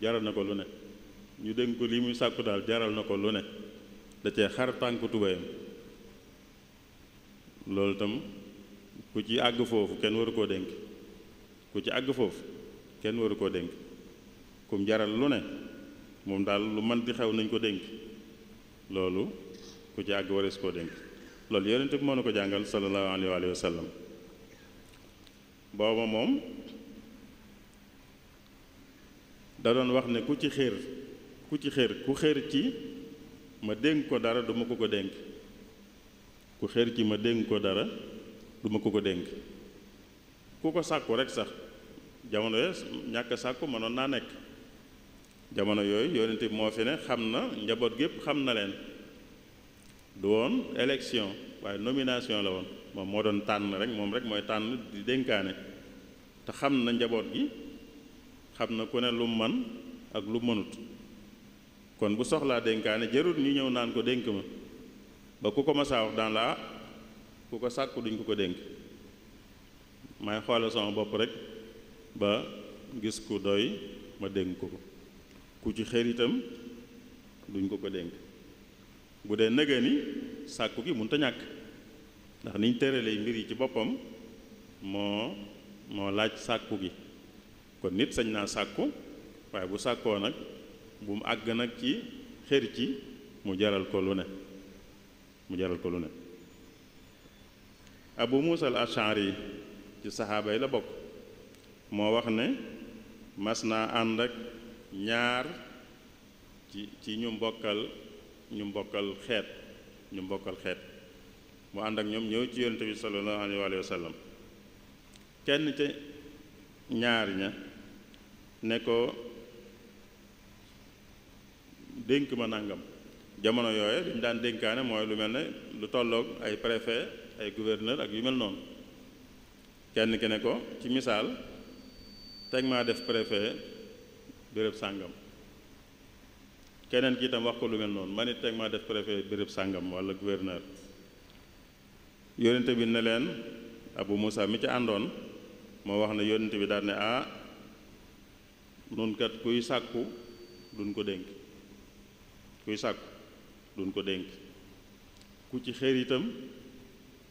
jaral na ko lu ne ñu dénk ko li muy sàkku daal jaral na ko lu ne da cee xar tànk tubayam loolu tam ku ci àgg foofu kenn waru koo dénk ku ci àgg foofu kenn waru koo dénk kum jaral lu ne moom daal lu man di xew nañ ko dénk loolu ku ci àgg warees koo dénk loolu yonent bi moo na ko jàngal sallallahu alayhi wa sallam booba moom da doon wax ne ku ci xéer ku ci xéer ku xéer ci ma dénk ko dara duma ko ko dénk ku xër ci ma dénk ko dara duma ko ko dénk ku ko sàkku rek sax jamono yooyu ñàkk sàkku mënoon naa nekk jamono yooyu yonent bi moo fi ne xam na njaboot gépp xam na leen du woon élection waaye nomination la woon moom moo doon tànn rek moom rek mooy tànn di dénkaane te xam na njaboot gi xam na ku ne lu man ak lu mënut kon bu soxlaa dénkaane jarut ñu ñëw naan ko dénk ma ba ku ko masaa wax daan la ah ku ko sàkku duñ ko ko dénk may xoole sama bopp rek ba gis ku doy ma dénk ko ko ku ci xër duñ ko ko dénk bu dee nëga ni sàkku gi munta ñàkk ndax niñ tëralee mbir yi ci boppam moo moo laaj sàkku gi kon nit sañ naa sàkku waaye bu sàkkoo nag bu mu àgg nag ci xër ci mu jaral ko lu ne mu jaral ko lu ne abu muusa al yi ci saxaaba yi la bokk moo wax ne mas naa ànd ak ñaar ci ci ñu mbokkal ñu mbokkal xeet ñu mbokkal xeet mu ànd ak ñoom ñëw ci yonent bi sallallahu alayhi wa sallam kenn ca ñaar ña ne ko dénk ma nangam jamono yooye li ñu daan dénkaane mooy lu mel ne lu tolloog ay préfet ay gouverneur ak yu mel noonu kenn ki ne ko ci misaal teg maa def préfet béréb sàngam keneen ki itam wax ko lu mel noonu ma it teg maa def préfet béréb sàngam walla gouverneur yónnente bi ne leen Abu Moussa mi ci àndoon moo wax ne yónnente bi daal ah nun kat kuy sàkku duñ ko dénk kuy sàkku duñ ko dénk ku ci xër itam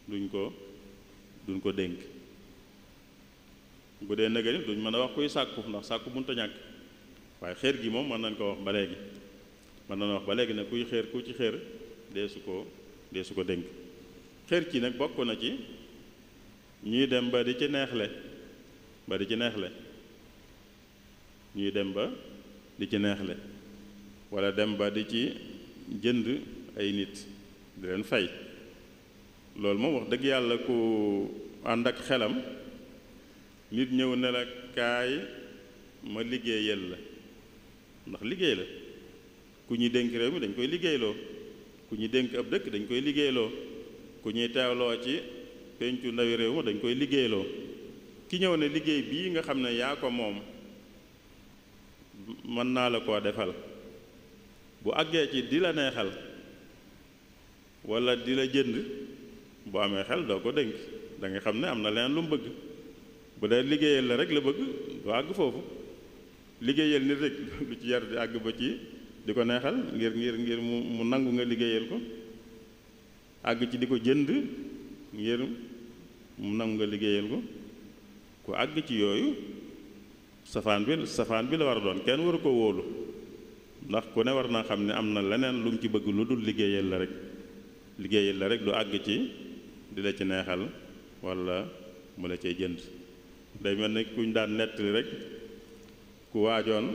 duñ ko duñ ko dénk bu dee nëgëni duñ mën a wax kuy sàkku ndax sàkku mënut a ñàkk waaye xër gi moom mën nañ ko wax ba léegi mën nañ wax ba léegi ne kuy xër ku ci xër dee su ko dee su ko dénk xër ci nag bokk na ci ñuy dem ba di ci neexle ba di ci neexle ñuy dem ba di ci neexle walla dem ba di ci jënd ay nit di leen fay loolu moom wax dëgg yàlla ku ànd ak xelam nit ñëw ne kaay ma liggéeyal la ndax liggéey la ku ñuy dénk réew mi dañ koy liggéeyloo ku ñuy dénk ab dëkk dañ koy liggéeyloo ku ñuy teewloo ci pencu ndawi réew mi dañ koy liggéeyloo ki ñëw ne liggéey bii nga xam ne yaa ko moom mën naa la koo defal bu àggee ci di la neexal walla di la jënd bu amee xel doo ko dénk danga xam ne am na leen lum bëgg bu dee liggéeyal la rek la bëgg du àgg foofu liggéeyal nit rek lu (laughs) ci yar di àgg ba ci di ko neexal ngir ngir ngir mu mu nangu nga liggéeyal ko àgg ci di ko jënd ngir mu nangu nga liggéeyal ko ku àgg ci yooyu safaan bi safaan bi la war a doon kenn waru ko wóolu ndax ku ne war naa xam ne am na leneen lu mu ci bëgg lu dul liggéeyal la rek liggéeyal la rek lu àgg ci di la ci neexal walla mu la cay jënd day mel ni kuñ daan nettali rek ku waajoon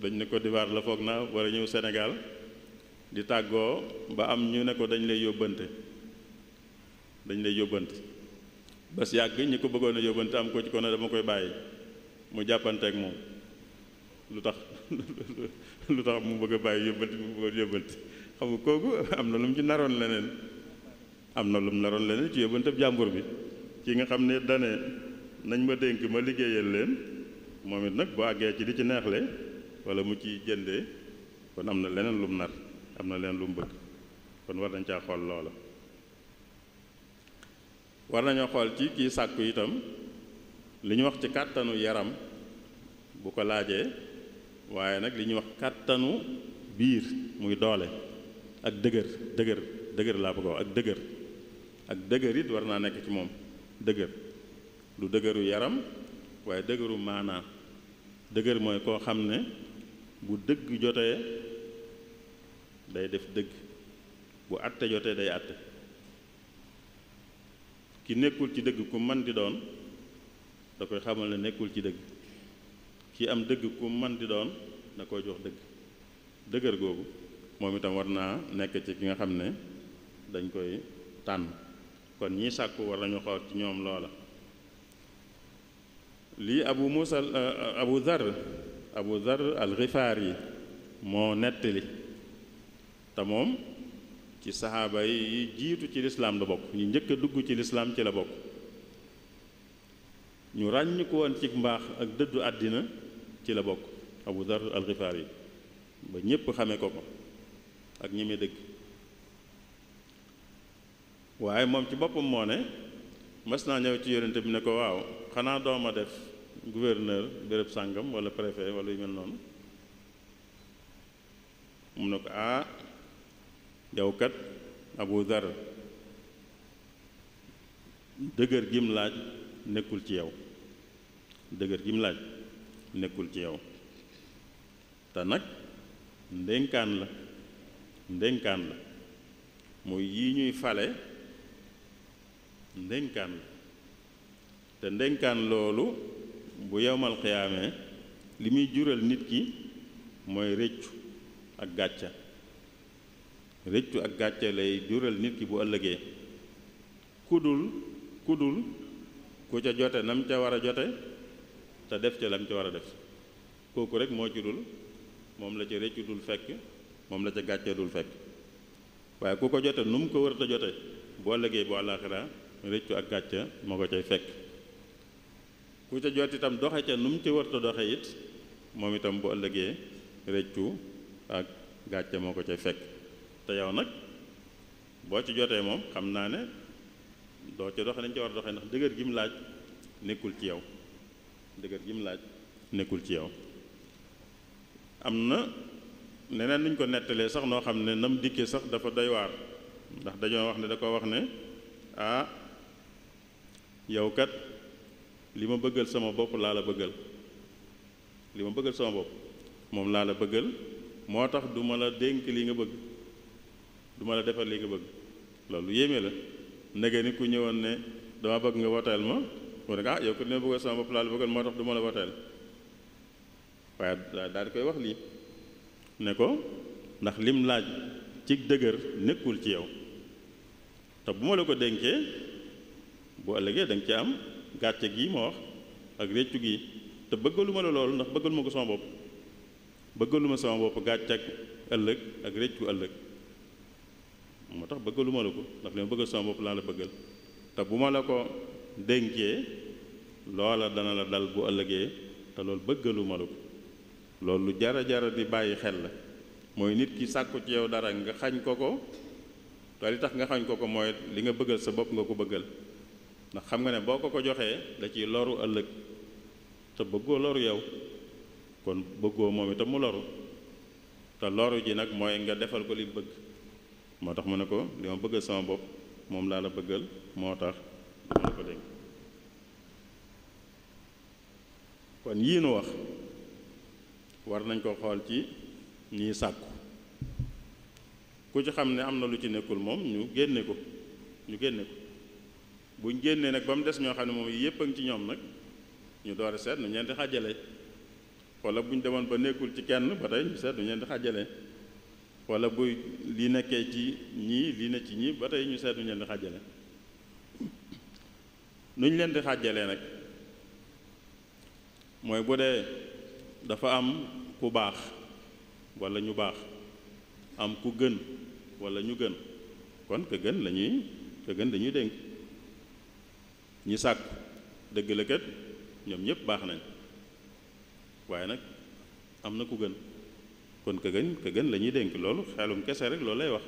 dañ ne ko divaar la foog naa war a ñëw senegal di tàggoo ba am ñu ne ko dañ lay yóbbante dañ lay yóbbante bas yàgg ñi ko bëggoon a yóbbante am ko ci ko ne dama koy bàyyi mu jàppanteek moom lu tax (laughs) lu tax mu bëgg a bàyyi yóbbanti mu bëgg a yóbbanti xam kooku am na lu mu ci naroon leneen am na lu mu naroon leneen ci yóbbante jàmbur bi ki nga xam ne dane nañ ma dénk ma liggéeyal leen moom it nag bu àggee ci li ci neexle wala mu ci jëndee kon am na leneen lu mu nar am na leen lu mu bëgg kon war nañ caa xool loola war nañoo xool ci kii sàkku itam li ñu wax ci kàttanu yaram bu ko laajee waaye nag li ñuy wax kàttanu biir muy doole ak dëgër dëgër dëgër laa bëgg ak dëgër ak dëgër it war naa nekk ci moom dëgër du dëgëru yaram waaye dëgëru maanaa dëgër mooy koo xam ne bu dëgg jotee day def dëgg bu àtte jotee day àtte ki nekkul ci dëgg ku man di doon da koy xamal ne nekkul ci dëgg kii am dëgg ku man di doon na koy jox dëgg dëgër googu moom itam war naa nekk ci ki nga xam ne dañ koy tànn kon ñi sàkku war nañu xool ci ñoom loola lii abu muusa euh, euh, abu dhar abu dhar alxifaar yi moo nettali te moom ci saxaaba yi jiitu ci lislaam la bokk ñu njëkk a dugg ci lislaam ci la bokk ñu ràññ ko woon ci mbaax ak dëddu àddina ci la bokk abu dar alxifaar yi ba ñépp xamee ko ko ak ñi muy dëgg waaye moom ci boppam moo ne mas naa ñëw ci yonente bi ne ko waaw xanaa dooma def gouverneur béréb sàngam wala préfet wala yu mel noonu mu ne ko ah yow kat abu dar dëgër gim laaj nekkul ci yow dëgër gi mu laaj nekkul ci yow te nag ndénkaan la ndénkaan la mooy yii ñuy fale ndénkaan la te ndénkaan loolu bu yowmal xiyaamee li muy jural nit ki mooy rëccu ak gàcca rëccu ak gàcca lay jural nit ki bu ëllëgee kudul kudul ku ca jote nam ca war a jote te def la lam ci war a def kooku rek moo ci dul moom la ca rëccu dul fekk moom la ca gàccee dul fekk waaye ku ko jote nu mu ko wërta jote boo liggéey bu àllaaxira rëccu ak gàcce moo ko cay fekk ku ca jot itam doxe nu mu ci wërta doxe it moom itam bu ëllëgee rëccu ak gàcce moo ko cay fekk te yow nag boo ci jotee moom xam naa ne doo ci doxe nañ ca war a doxe ndax dëgër gi mu laaj nekkul ci yow dëgër gi mu laaj nekkul ci yow am na neneen nuñ ko nettalee sax noo xam ne nam dikke sax dafa day waar ndax dañoo wax ne da ko wax ne ah yow kat li ma bëggal sama bopp laa la bëggal li ma bëggal sama bopp moom laa la bëggal moo tax du ma la dénk li nga bëgg duma la defal li nga bëgg loolu yéeme la ndege ni ku ñëwoon ne dama bëgg nga woteel ma mu ne ah yow ko dina bëggoon sama bopp laa la bëggoon moo tax du la wateel waaye daal di koy wax li ne ko ndax lim laaj ci dëgër nekkul ci yow te bu ma la ko dénkee bu ëllëgee da nga ci am gàcce gii ma wax ak réccu gi te bëggaluma la loolu ndax bëggaluma ko sama bopp bëggaluma sama bopp gàcce ak ëllëg ak réccu ëllëg moo tax bëggaluma la ko ndax li ma bëggal sama bopp laa la bëggal te bu ma la ko dénkee loola dana la dal bu ëllëgee te loolu bëggalu malu loolu jara jara di bàyyi xel la mooy nit ki sàkku ci yow dara nga xañ ko ko te li tax nga xañ ko ko mooy li nga bëggal sa bopp nga ko bëggal ndax xam nga ne boo ko ko joxee da ciy loru ëllëg te bëggoo loru yow kon bëggoo moom itam mu loru te loru ji nag mooy nga defal ko li bëgg moo tax mu ne ko li ma bëggal sama bopp moom laa la bëggal moo tax dana ko dégg kon yii nu wax war nañ koo xool ci ñii sàkku ku ci xam ne am na lu ci nekkul moom ñu génne ko ñu génne ko buñ génnee nag ba mu des ñoo xam ne moom yépp a ngi ci ñoom nag ñu door a seet nu ñeenti xàjjale wala bu ñu demoon ba nekkul ci kenn ba tey ñu seet nu ñeenti xàjjale wala buy li nekkee ci ñii li ne ci ñii ba tey ñu seet nu ñeenti xàjjale nu ñu leen di xàjjalee nag mooy bu dee dafa am ku baax wala ñu baax am ku gën walla ñu gën kon ka gën la ñuy gën dañuy dénk ñi sàkk dëgg la ñoom ñëpp baax nañ waaye nag am na ku gën kon ka gën ka gën la ñuy dénk loolu xelum kese rek loolu lay wax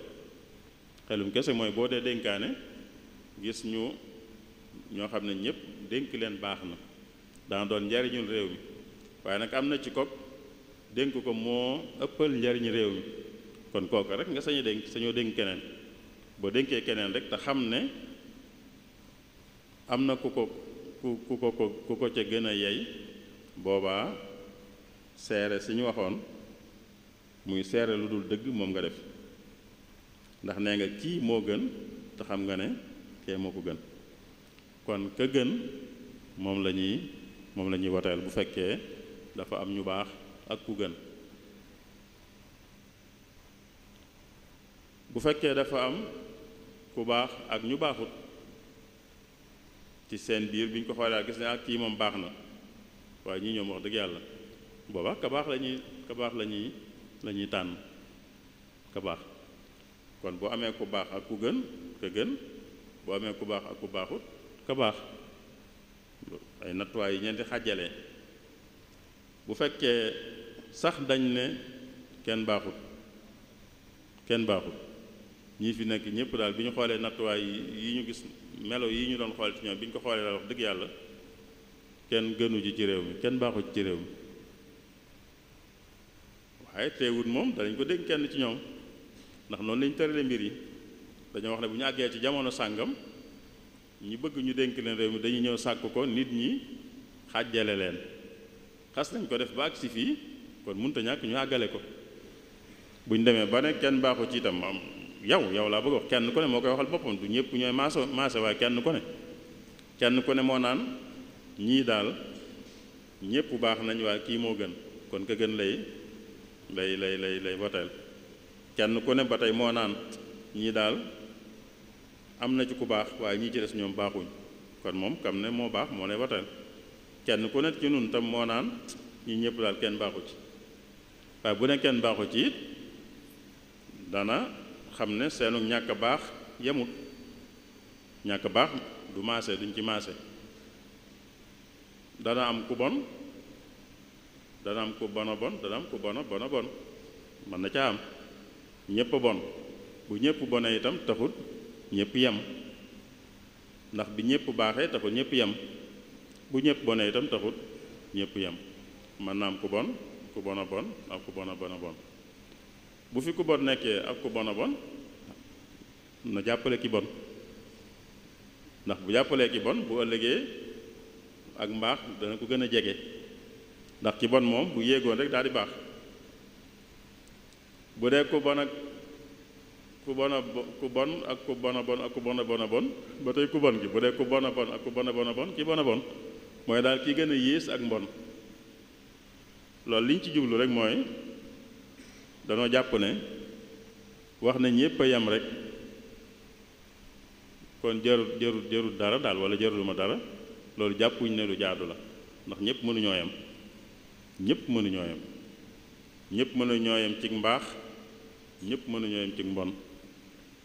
xelum kese mooy boo dee dénkaane gis ñu ñoo xam ne ñëpp dénk leen baax na dana doon njariñul réew mi waaye nag am na ci kopp dénk ko moo ëppal njariñ réew mi kon kooku rek nga sañu dénk sañoo dénk keneen boo dénkee keneen rek te xam ne am na ku ko ku ko ku ko ca gën a yey boobaa seere si ñu waxoon muy seere lu dul dëgg moom nga def ndax nee nga kii moo gën te xam nga ne kee moo ko gën kon ka gën moom lañuy moom la ñuy woteel bu fekkee dafa am ñu baax ak ku gën bu fekkee dafa am ku baax ak ñu baaxut ci seen biir bi ñu ko xoolee gis ne ak ah, kii moom baax na waaye ñi ñoom wax dëgg yàlla booba ka baax la ñuy ka baax la ñuy la ñuy tànn ka baax kon boo amee ku baax ak ku gën ka gën boo amee ku baax ak ku baaxut ka baax ay nattuwaay yi ñeenti xàjjalee bu fekkee sax dañ ne kenn baaxut kenn baaxut ñii fi nekk ñëpp daal bi ñu xoolee nattuwaay yi ñu gis melo yi ñu doon xool ci ñoom bi ñu ko xoolee daal wax dëgg yàlla kenn gënu ji ci réew mi kenn baaxut ci réew mi waaye teewut moom danañ ko dégg kenn ci ñoom ndax noonu lañu tërale mbir yi dañoo wax ne bu ñu àggee ci jamono sàngam ñi bëgg ñu denk leen réew mi dañuy ñëw sàkk ko nit ñi xàjjale leen xas nañ ko def ba si fii kon mënta ñàkk ñu àggale ko buñ demee ba ne kenn baaxu ci itam am yow yow laa bëgg wax kenn ku ne moo koy waxal boppam du ñëpp ñooy maaso maase waaye kenn ko ne kenn ku ne moo naan ñii daal ñëpp baax nañ waaye kii moo gën kon ka gën lay lay lay lay lay wateel kenn ku ne ba tey moo naan ñii daal am na ci ku baax waaye ñi ci des ñoom baaxuñ kon moom kam ne moo baax moo ne watal kenn ku ne ci nun tam moo naan ñi ñëpp daal kenn baaxu ci waaye bu ne kenn baaxu ci it dana xam ne seenu ñàkk baax yemut ñàkk baax du maase duñ ci maase dana am ku bon dana am ku bona bon dana am ku bona bona bon mën na ca am ñépp bon bu ñépp bone itam taxut ñëpp yem ndax bi ñëpp baaxee taxul ñëpp yem bu ñëpp bonee itam taxul ñépp yem man naa am ku bon ku bon a bon ak ku bon a bon a bon bu fi ku bon nekkee ak ku bon a bon na jàppale ki bon ndax bu jàppalee ki bon bu ëllëgee ak mbaax dana ko gën a jege ndax ki bon moom bu yéegoon rek daal di baax bu dee ku bon ak ku bon a ku bon ak ku bon a ku bon a bon a bon ba tey ku bon gi bu dee ku bon a bon a ku bon a bon a bon ki bon a bon mooy daal ki gën a yées ak mbon loolu liñ ci jublu rek mooy danoo jàpp ne wax na ñépp a yem rek kon jarut jarut jarut dara daal wala ma dara loolu jàppuñ ne lu jaadu la ndax ñépp mënuñoo yem ñépp mënuñoo yem ñépp mënuñoo yem ci mbaax ñépp mënuñoo yem ci mbon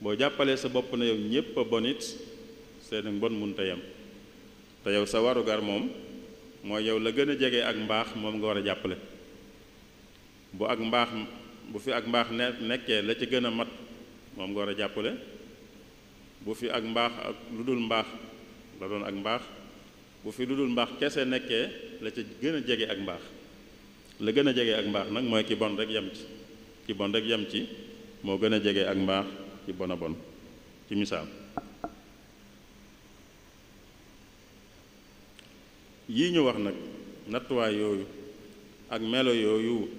boo jàppalee sa bopp na yow ñépp a bon it seen mbon mun te yem te yow sa warugar moom mooy yow la gën a jege ak mbaax moom nga war a jàppale bu ak mbaax bu fi ak mbaax ne nekkee la ci gën a mat moom nga a jàppale bu fi ak mbaax ak lu dul mbaax la doon ak mbaax bu fi lu dul mbaax kese nekkee la ci gën a jege ak mbaax la gën a jege ak mbaax nag mooy ki bon rek yem ci ki bon rek yam ci moo gën a jege ak mbaax ci bon a bon ci misaal yii ñu wax nag nattuwaay yooyu ak melo yooyu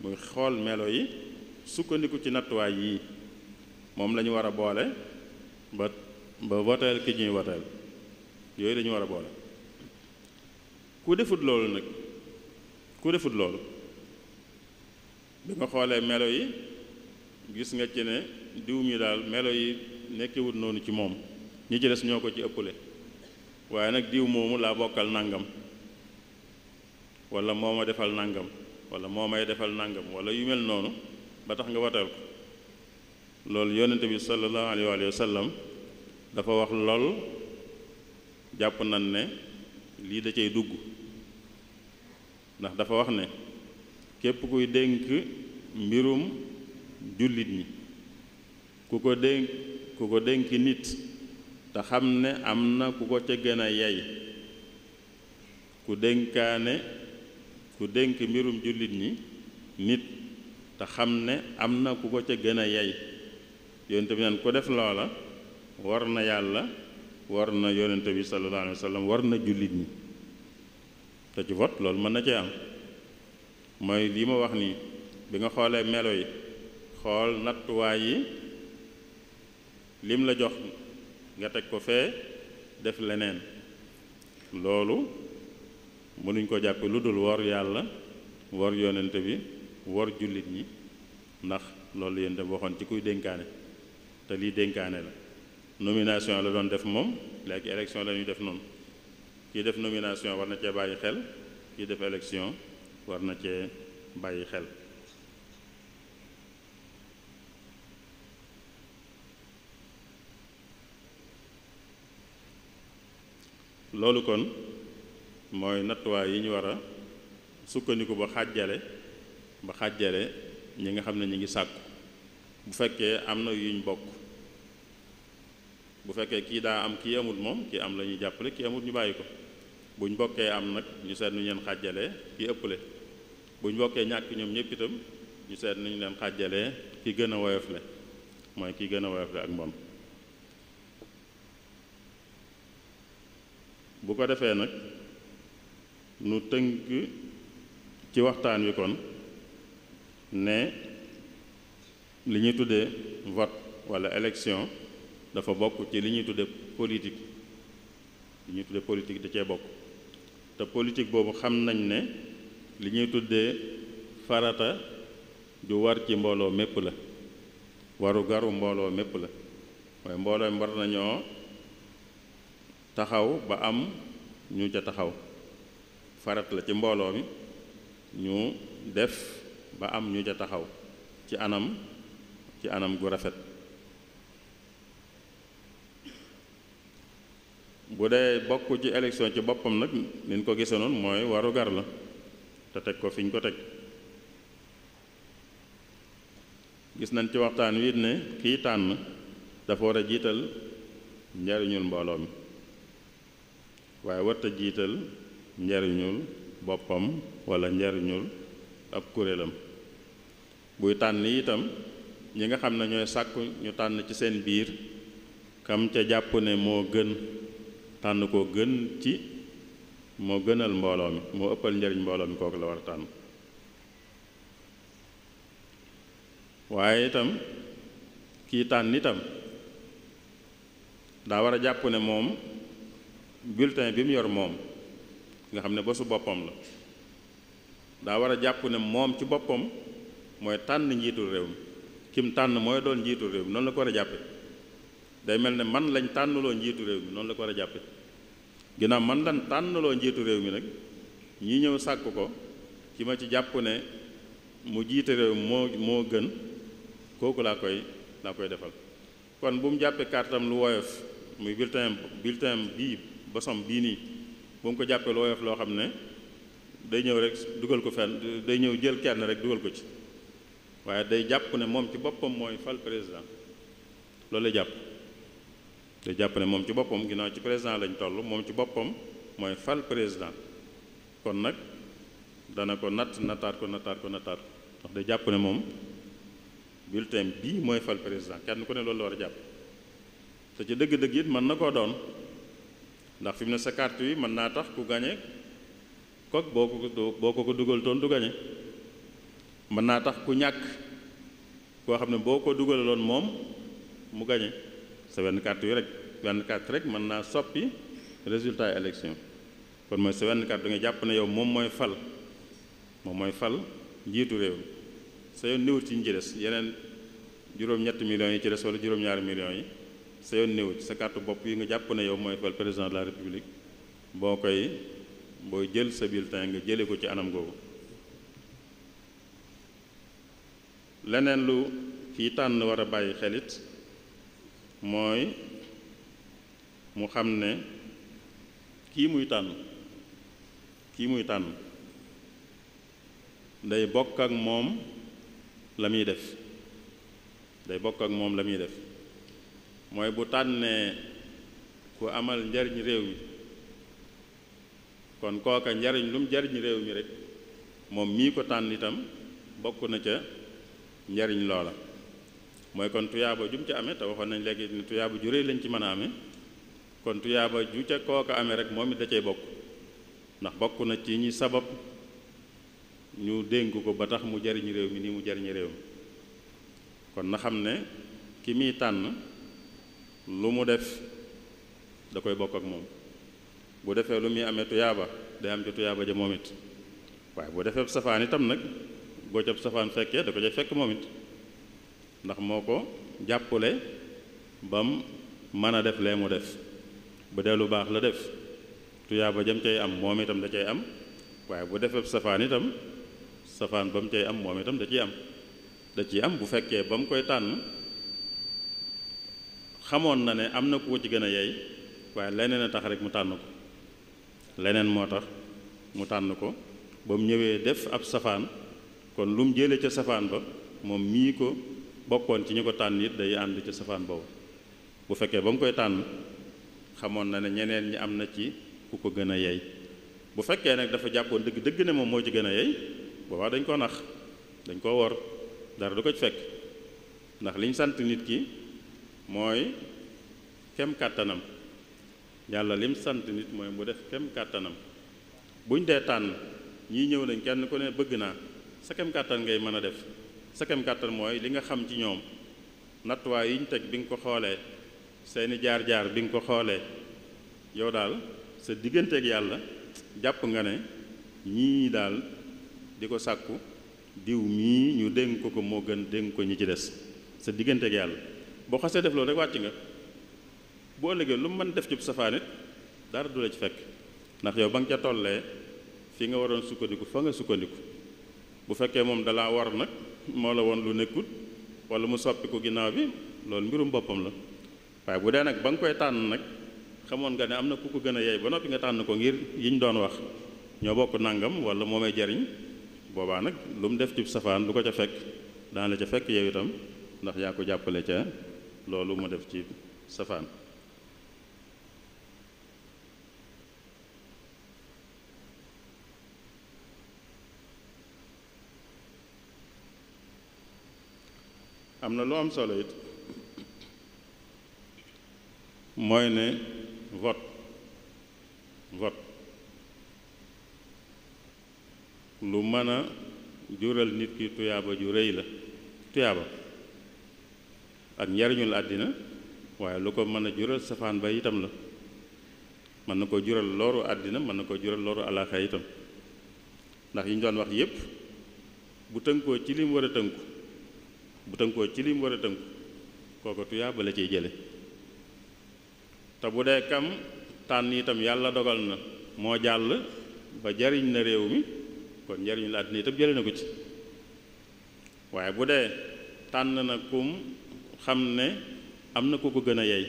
muy xool melo yi sukkandiku ci nattuwaay yii moom la war a boole ba ba woteel ki ñuy woteel yooyu la war a boole ku defut loolu nag ku defut loolu bi nga xoolee melo yi gis nga ci diw mi daal melo yi nekkewut noonu ci moom ñi ci des ñoo ko ci ëpple waaye nag diw moomu laa bokkal nangam wala moo ma defal nangam wala moo may defal nangam wala yu mel noonu ba tax nga watal ko loolu yonente bi sallallahu ale wa sallam dafa wax lool jàpp nañ ne lii da cay dugg ndax dafa wax ne képp kuy dénk mbirum jullit yi ku ko dénk ku ko dénki nit te xam ne am na ku ko ca gën a yey ku dénkaane ku dénk mbirum jullit ñi nit te xam ne am na ku ko ca gën a yey yonent bi naan ko def loola war na yàlla war na yonent bi sallallahu alayhi war na jullit ñi te ci vote loolu mën na cee am mooy lii ma wax nii bi nga xoolee melo yi xool nattuwaay yi lim la jox nga teg ko fee def leneen loolu mënuñ ko jàpp lu dul wor yàlla wor yonent bi wor jullit ñi ndax loolu yéen tam waxoon ci kuy dénkaane te lii dénkaane la nomination la doon def moom léegi élection la ñuy def noonu kii def nomination war na cee bàyyi xel kii def élection war na cee bàyyi xel loolu kon mooy nattuwaay yi ñu war a sukkandiku ba xàjjale ba xàjjale ñi nga xam ne ñu ngi sàkku bu fekkee am na yuñ bokk bu fekkee kii daa am kii amul moom kii am la ñuy jàppale kii amul ñu bàyyi ko buñ bokkee am nag ñu seet nu ñu leen xàjjalee kii ëppale buñ bokkee ñàkk ñoom ñëpp itam ñu seet nu leen xàjjalee ki gën a woyofle mooy ki gën a woyofle ak moom bu ko defee nag nu tënk ci waxtaan wi kon ne li ñuy tuddee vote walla élection dafa bokk ci li ñuy tuddee politique li ñuy tuddee politique da cee bokk te politique boobu xam nañ ne li ñuy tuddee farata ju war ci mbooloo mépp la waru garu mbooloo mépp la waaye mbooloo mi nañoo taxaw ba am ñu ca taxaw farat la ci mbooloo mi ñu def ba am ñu ca taxaw ci anam ci anam gu rafet bu dee bokk ci élection ci boppam nag niñ ko gisanoon mooy warugar la te teg ko fi ñu ko teg gis nañ ci waxtaan wi ne kii tànn dafa war a jiital njariñul mbooloo mi waaye warta jiital njariñul boppam walla njariñul ab kuréelam buy tànn itam ñi nga xam ne ñooy sàkk ñu tànn ci seen biir kam ca jàpp ne moo gën tànn koo gën ci moo gënal mbooloo mi moo ëppal njariñ mbooloo mi kooku la war a tànn waaye itam kii tànn itam daa war a jàpp ne moom bulletin bi mu yor moom nga xam ne ba boppam la daa war a jàpp ne moom ci boppam mooy tànn njiitul réew mi kim tànn mooy doon njiitul réew mi noonu la ko war a jàppe day mel ne man lañ tànnloo njiitu réew mi noonu la ko war a jàppe ginnaaw man lañ tànnloo njiitu réew mi nag ñi ñëw sàkk ko ki ma ci jàpp ne mu jiite réew moo moo gën kooku laa koy laa koy defal kon bu mu jàppee kàrtam lu woyof muy bulletin bulletin bii bosom bii nii bu mu ko jàppee lu woyof loo xam ne day ñëw rek dugal ko fen day ñëw jël kenn rek dugal ko ci waaye day jàpp ne moom ci boppam mooy fal président loolu lay jàpp day jàpp ne moom ci boppam ginnaaw ci président lañ toll moom ci boppam mooy fal président kon nag dana ko natt nattaat ko nattaat ko nattaat ko ndax day jàpp ne moom bulletin bii mooy fal président kenn ku ne loolu la war a jàpp te ci dëgg-dëgg it mën na koo doon ndax fi ne sa carte yi mën naa tax ku gañe kok boo ko boo ko dugal toon tu gañe mën naa tax ku ñàkk koo xam ne boo ko dugaloon moom mu gañe sa wenn carte yi rek wenn carte rek mën naa soppi résultat élection kon mooy sa wenn carte da jàpp ne yow moom mooy fal moom mooy fal njiitu réew sa yoon néewut ci ñi ci des yeneen juróom-ñetti millions yi ci des wala juróom-ñaari million yi sa yoon néew ci sa carte bopp yi nga jàpp ne yow mooy fal président de la république boo koy booy jël sa bulletin nga jëlee ko ci anam googu leneen lu kii tànn war a bàyyi xelit mooy mu xam ne kii muy tànn kii muy tànn day bokk ak moom la muy def day bokk ak moom la muy def mooy bu tànnee ku amal njariñ réew mi kon kooka njariñ lu mu jariñ réew mi rek moom mii ko tànn itam bokk na ca njariñ loola mooy kon tuyaaba jum ca amee te waxoon nañ léegi ne tuyaaba ju réy lañ ci mën a amee kon tuyaaba ju ca kooka amee rek moom it da cay bokk ndax bokk na ci ñi sabab ñu dénk ko ba tax mu jariñ réew mi ni mu jariñ réew mi kon na xam ne ki mii tànn lu mu def da koy bokk ak moom bu defee lu muy amee tuyaaba day am ci tuyaaba ja moom it waaye bu defee safaan itam nag boo ca safaan fekkee da ko ca fekk moom it ndax moo ko jàppale ba mën a def lee mu def bu dee lu baax la def tuyaaba jam cay am moom itam da cay am waaye bu defee safaan itam safaan ba mu cay am moom itam da ciy am da ciy am bu fekkee ba koy tànn xamoon na ne am na ku ko ci gën a yey waaye leneen a tax rek mu tànn ko leneen moo tax mu tànn ko ba mu ñëwee def ab safaan kon lu mu jëlee ca safaan ba moom mii ko bokkoon ci ñu ko tànn it day ànd ca safaan boobu bu fekkee ba mu koy tànn xamoon na ne ñeneen ñi am na ci ku ko gën a yey bu fekkee nag dafa jàppoon dëgg dëgg ne moom moo ci gën a yey boobaa dañ ko nax dañ koo wor dara du ko ci fekk ndax liñ sant nit ki mooy kem kàttanam yàlla lim sant nit mooy bu def kem kàttanam buñ dee tànn ñii ñëw nañ kenn ku ne bëgg naa sa kem kàttan ngay mën a def sa kem kàttan mooy li nga xam ci ñoom nattuwaay yi ñu teg bi nga ko xoolee seeni jaar-jaar bi nga ko xoolee yow daal sa digganteeg yàlla jàpp nga ne ñii daal di ko sàkku diw mii ñu dénk ko ko moo gën dénk ko ñi ci des sa digganteeg yàlla boo xasee def loolu rek wàcc nga boo ëllëgee lu mu mën def cib safaan it dara du la ci fekk ndax yow ba nga ca tollee fi nga waroon sukkandiku fa nga sukkandiku bu fekkee moom dalaa war nag moo woon lu nekkut wala mu soppiku ginnaaw bi loolu mbirum boppam la waaye bu dee nag ba koy tànn nag xamoon nga ne am na ku ko gën a yey ba noppi nga tànn ko ngir yiñ doon wax ñoo bokk nangam wala moomay jariñ boobaa nag lu def ci safaan lu ko ca fekk daan la ca fekk yow itam ndax yaa ko jàppale ca loolu mu def ci safaan am na lu am solo it mooy ne vote vote lu mën a jural nit ki tuyaaba ju rëy la tuyaaba ak njariñul àddina waaye lu ko mën a jural safaan ba itam la mën na ko jural looru àddina mën na koo jural looru alaaxa itam ndax yi ñu doon wax yépp bu tënkoo ci li mu war a tënku bu tënkoo ci li war a tënku kooku tuyaa ba ciy jële te bu dee kam tànn itam yàlla dogal na moo jàll ba jariñ na réew mi kon njariñu la àddina itam jële na ko ci waaye bu dee tànn na kum xam ne am na ku ko gën a yey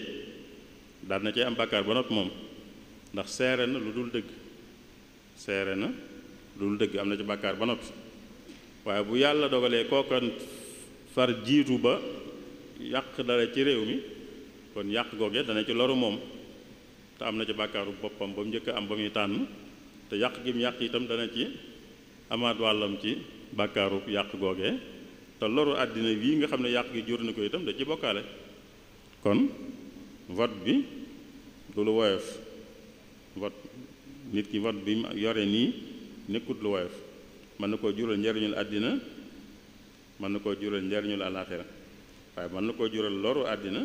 daal na cee am bàkkaar ba noppi moom ndax seere na lu dul dëgg seere na lu dul dëgg am na ci bàkkaar ba noppi waaye bu yàlla dogalee kookan far jiitu ba yàq dara ci réew mi kon yàq googe dana ci loru moom te am na ci bàkkaaru boppam ba mu njëkk am ba muy tànn te yàq gi mu yàq itam dana ci amaat wàllam ci bàkkaaru yàq googe te loru àddina bii nga xam ne yàq gi jur na ko itam da ci bokkaale kon vote bi du lu woyof vote nit ki vote bi yore nii nekkut lu woyof mën na koo jural njariñul àddina mën na koo jural njariñul àllaaxira waaye mën na koo jural loru àddina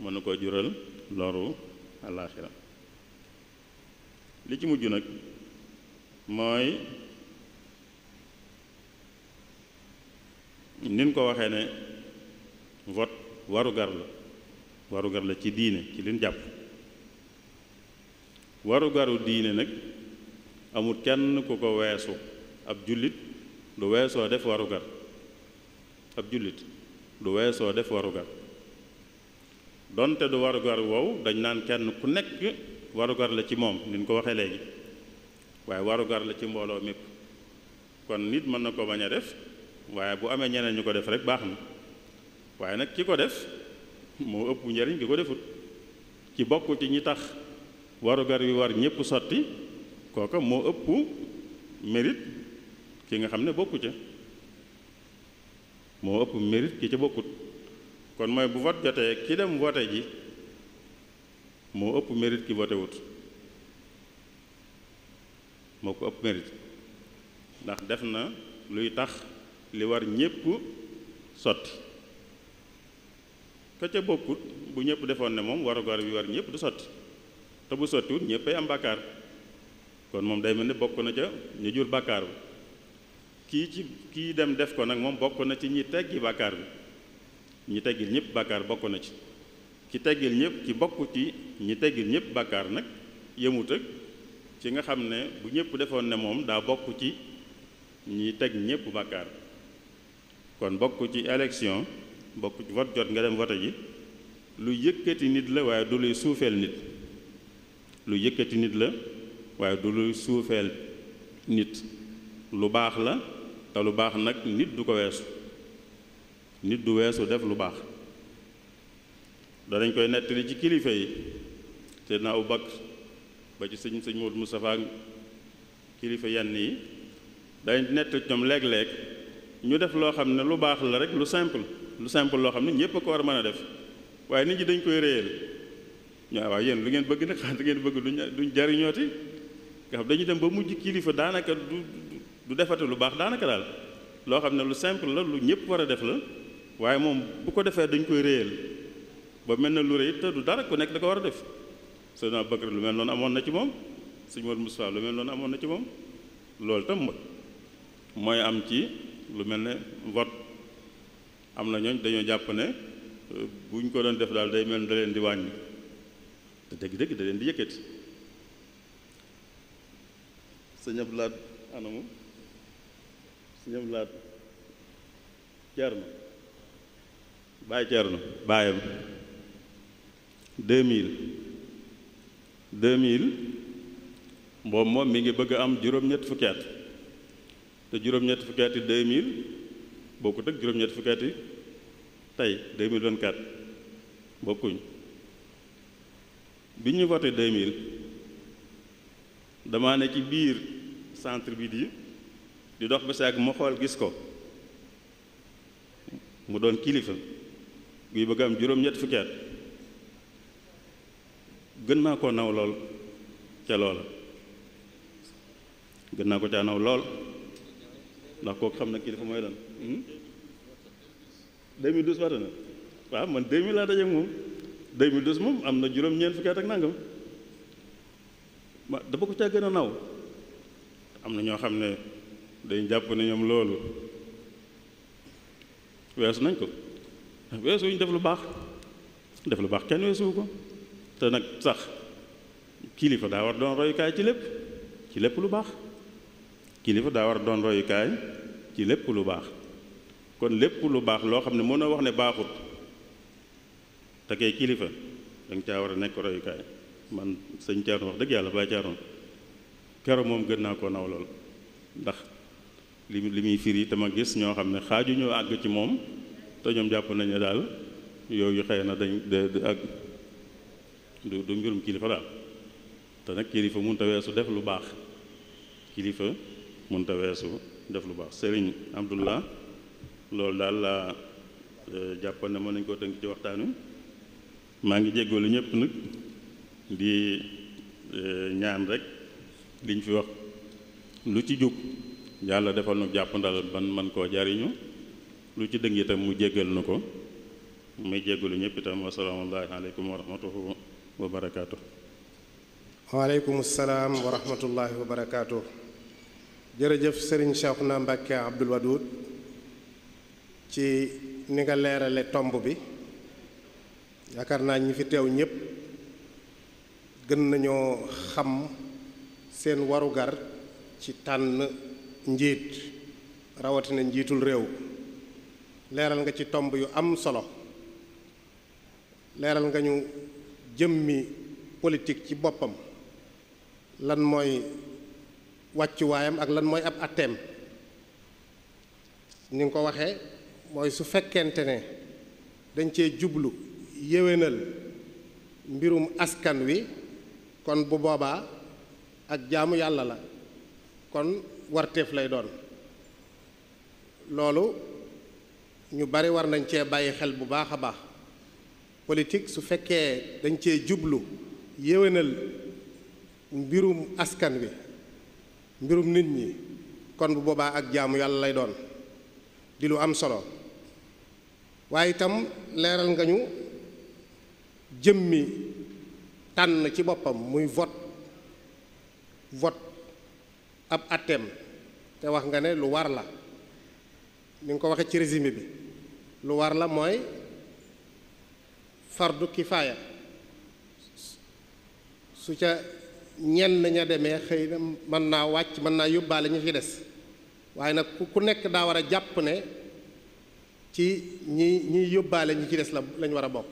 mën na koo jural loru àllaaxira li ci mujj nag mooy nin ko waxee ne vote warugar la warugar la ci diine ci liñ jàpp warugaru diine nag amul kenn ku ko weesu ab jullit du weesoo def warugar ab jullit du weesoo def warugar donte du warugar wow dañ naan kenn ku nekk warugar la ci moom nin ko waxee léegi waaye warugar la ci mbooloo mépp kon nit mën na ko bañ a def waaye bu amee ñeneen ñu ko def rek baax na waaye nag ki ko def moo ëpp njariñ ki ko defut ki bokkut ci ñi tax warugar wi war ñépp sotti kooka moo ëpp mérite ki nga xam ne bokku ca moo ëpp mérite ki ca bokkut kon mooy bu vote jotee ki dem vote ji moo ëpp mérite ki vote wut moo ko ëpp mérite ndax def na luy tax li war ñépp sotti ka ca bokkut bu ñëpp defoon ne moom warugar bi war ñëpp du sotti te bu sottiwut ñëpp ay am bàkkaar kon moom day mel ni bokk na ca ñu jur bàkkaar bi kii ci kii dem def ko nag moom bokk na ci ñi teggi bakkaar bi ñi teggil ñëpp bàkkaar bokk na ci ki teggil ñépp ki bokk ci ñi teggil ñëpp bàkkaar nag yëmut ak ci nga xam ne bu ñëpp defoon ne moom daa bokk ci ñi teg ñëpp bàkkaar kon bokk ci élection bokk ci vote jot nga dem vote ji lu yëkkati nit la waaye du luy suufeel nit lu yëkkati nit la waaye du suufeel nit lu baax la te lu baax nag nit du ko weesu nit du weesu def lu baax danañ koy nettali ci kilifa yi Seydina Abu Bakar ba ci sëñ sëñ Maodo Moustapha kilifa yenn yi dañ nettali ñoom léeg-léeg ñu def loo xam ne lu baax la rek lu simple lu simple loo xam ne ñëpp ko war a mën a def waaye nit ñi dañ koy réyal ñu waaw yéen lu ngeen bëgg nag xanaa (laughs) ngeen bëgg duñ duñ jariñooti nga xam dañuy dem ba mujj kilifa daanaka du du defati lu baax daanaka daal loo xam ne lu simple la lu ñëpp war a def la waaye moom bu ko defee dañ koy réyal ba mel na lu rëy du dara ku nekk da ko war a def Seydina Bakar lu mel noonu amoon na ci moom Sëñ Mor Moussa lu mel noonu amoon na ci moom loolu tam mooy am ci lu mel ne vote am na ñooñ dañoo jàpp ne euh, bu ñu ko doon def daal day mel ne da leen di wàññi te dëgg-dëgg da leen di yëkkati sëñ Abdou Lahad anamu sëñ Abdou Lahad Ceerno Baay Ceerno baayam 2000 2000 boobu moom mi ngi bëgg am juróom-ñett fukki at te juróom-ñetti fukki at yi 2000 bokkut ak juróom-ñetti fukki at yi tey bokkuñ bi ñu voté 2000 damaa ne ci biir centre bi di di dox ba si ak ma gis ko mu doon kilifa guy bëgg am juróom-ñetti fukki gën naa ko naw lool ca loola gën naa ko caa naw lool ndax kooku xam na kilifa mooy lan 2012 hmm? waate na waaw man 2000 laa dajeeg moom 2012 moom am na juróom-ñeent fukki ak nangam ma dafa ko caa gën a naw am na ñoo xam ne dañ jàpp ne ñoom loolu weesu nañ ko weesu ñu def lu baax def lu baax kenn weesuwu ko te nag sax kilifa daa war doon royukaay ci lépp ci lépp lu baax kilifa daa war a doon royukaay ci lépp lu baax kon lépp lu baax loo xam ne mën a wax ne baaxut te kay kilifa danga caa war a nekk royukaay man sëñ Thierno wax dëgg yàlla Baye Thierno kero moom gën naa koo naw lool ndax li li muy firi te ma gis ñoo xam ne xaaju ñoo àgg ci moom te ñoom jàpp nañu daal yooyu xëy na dañ de ak du du mbirum kilifa daal te nag kilifa mënut a weesu def lu baax kilifa mënta weesu def lu baax sëriñ Abdullah loolu daal laa euh, jàppoon na mën nañu koo tënk ci waxtaan wi maa ngi jéggoolu ñëpp nag di euh, ñaan rek liñ fi wax lu ci jub yàlla defal nu jàppandal ban man koo jariñu lu ci dëng itam mu jéggal nu ko muy jéggalu ñëpp itam wasalaamaaleykum wa rahmatuhu wa barakaatu. waaleykum salaam wa rahmatullahi wa barakaatu. jërëjëf sëriñ Cheikhouna Mbacké Abdoul Wadoud ci ni nga leerale tomb bi yaakaar naa ñi fi teew ñépp gën nañoo xam seen warugar ci tànn njiit rawatina njiitul réew leeral nga ci tomb yu am solo leeral nga ñu jëmmi politik ci boppam lan mooy wàccuwaayam ak lan mooy ab atteem ni ko waxee mooy su fekkente ne dañ cee jublu yéwénal mbirum askan wi kon bu boobaa ak jaamu yàlla la kon warteef lay doon loolu ñu bari war nañ cee bàyyi xel bu baax a baax politique su fekkee dañ cee jublu yéwénal mbirum askan wi mbirum nit ñi kon bu boobaa ak jaamu yàlla lay doon di lu am solo waaye itam leeral nga ñu jëmmi tànn ci boppam muy vot vot ab atteem te wax nga ne lu war la ni nga ko waxee ci résumé bi lu war la mooy fardu kifaaya su ca ñenn ña demee xëy na mën naa wàcc mën naa yóbbaale ñu fi des waaye nag ku nekk daa war a jàpp ne ci ñi ñi yóbbaale ñi ci des la lañ war a bokk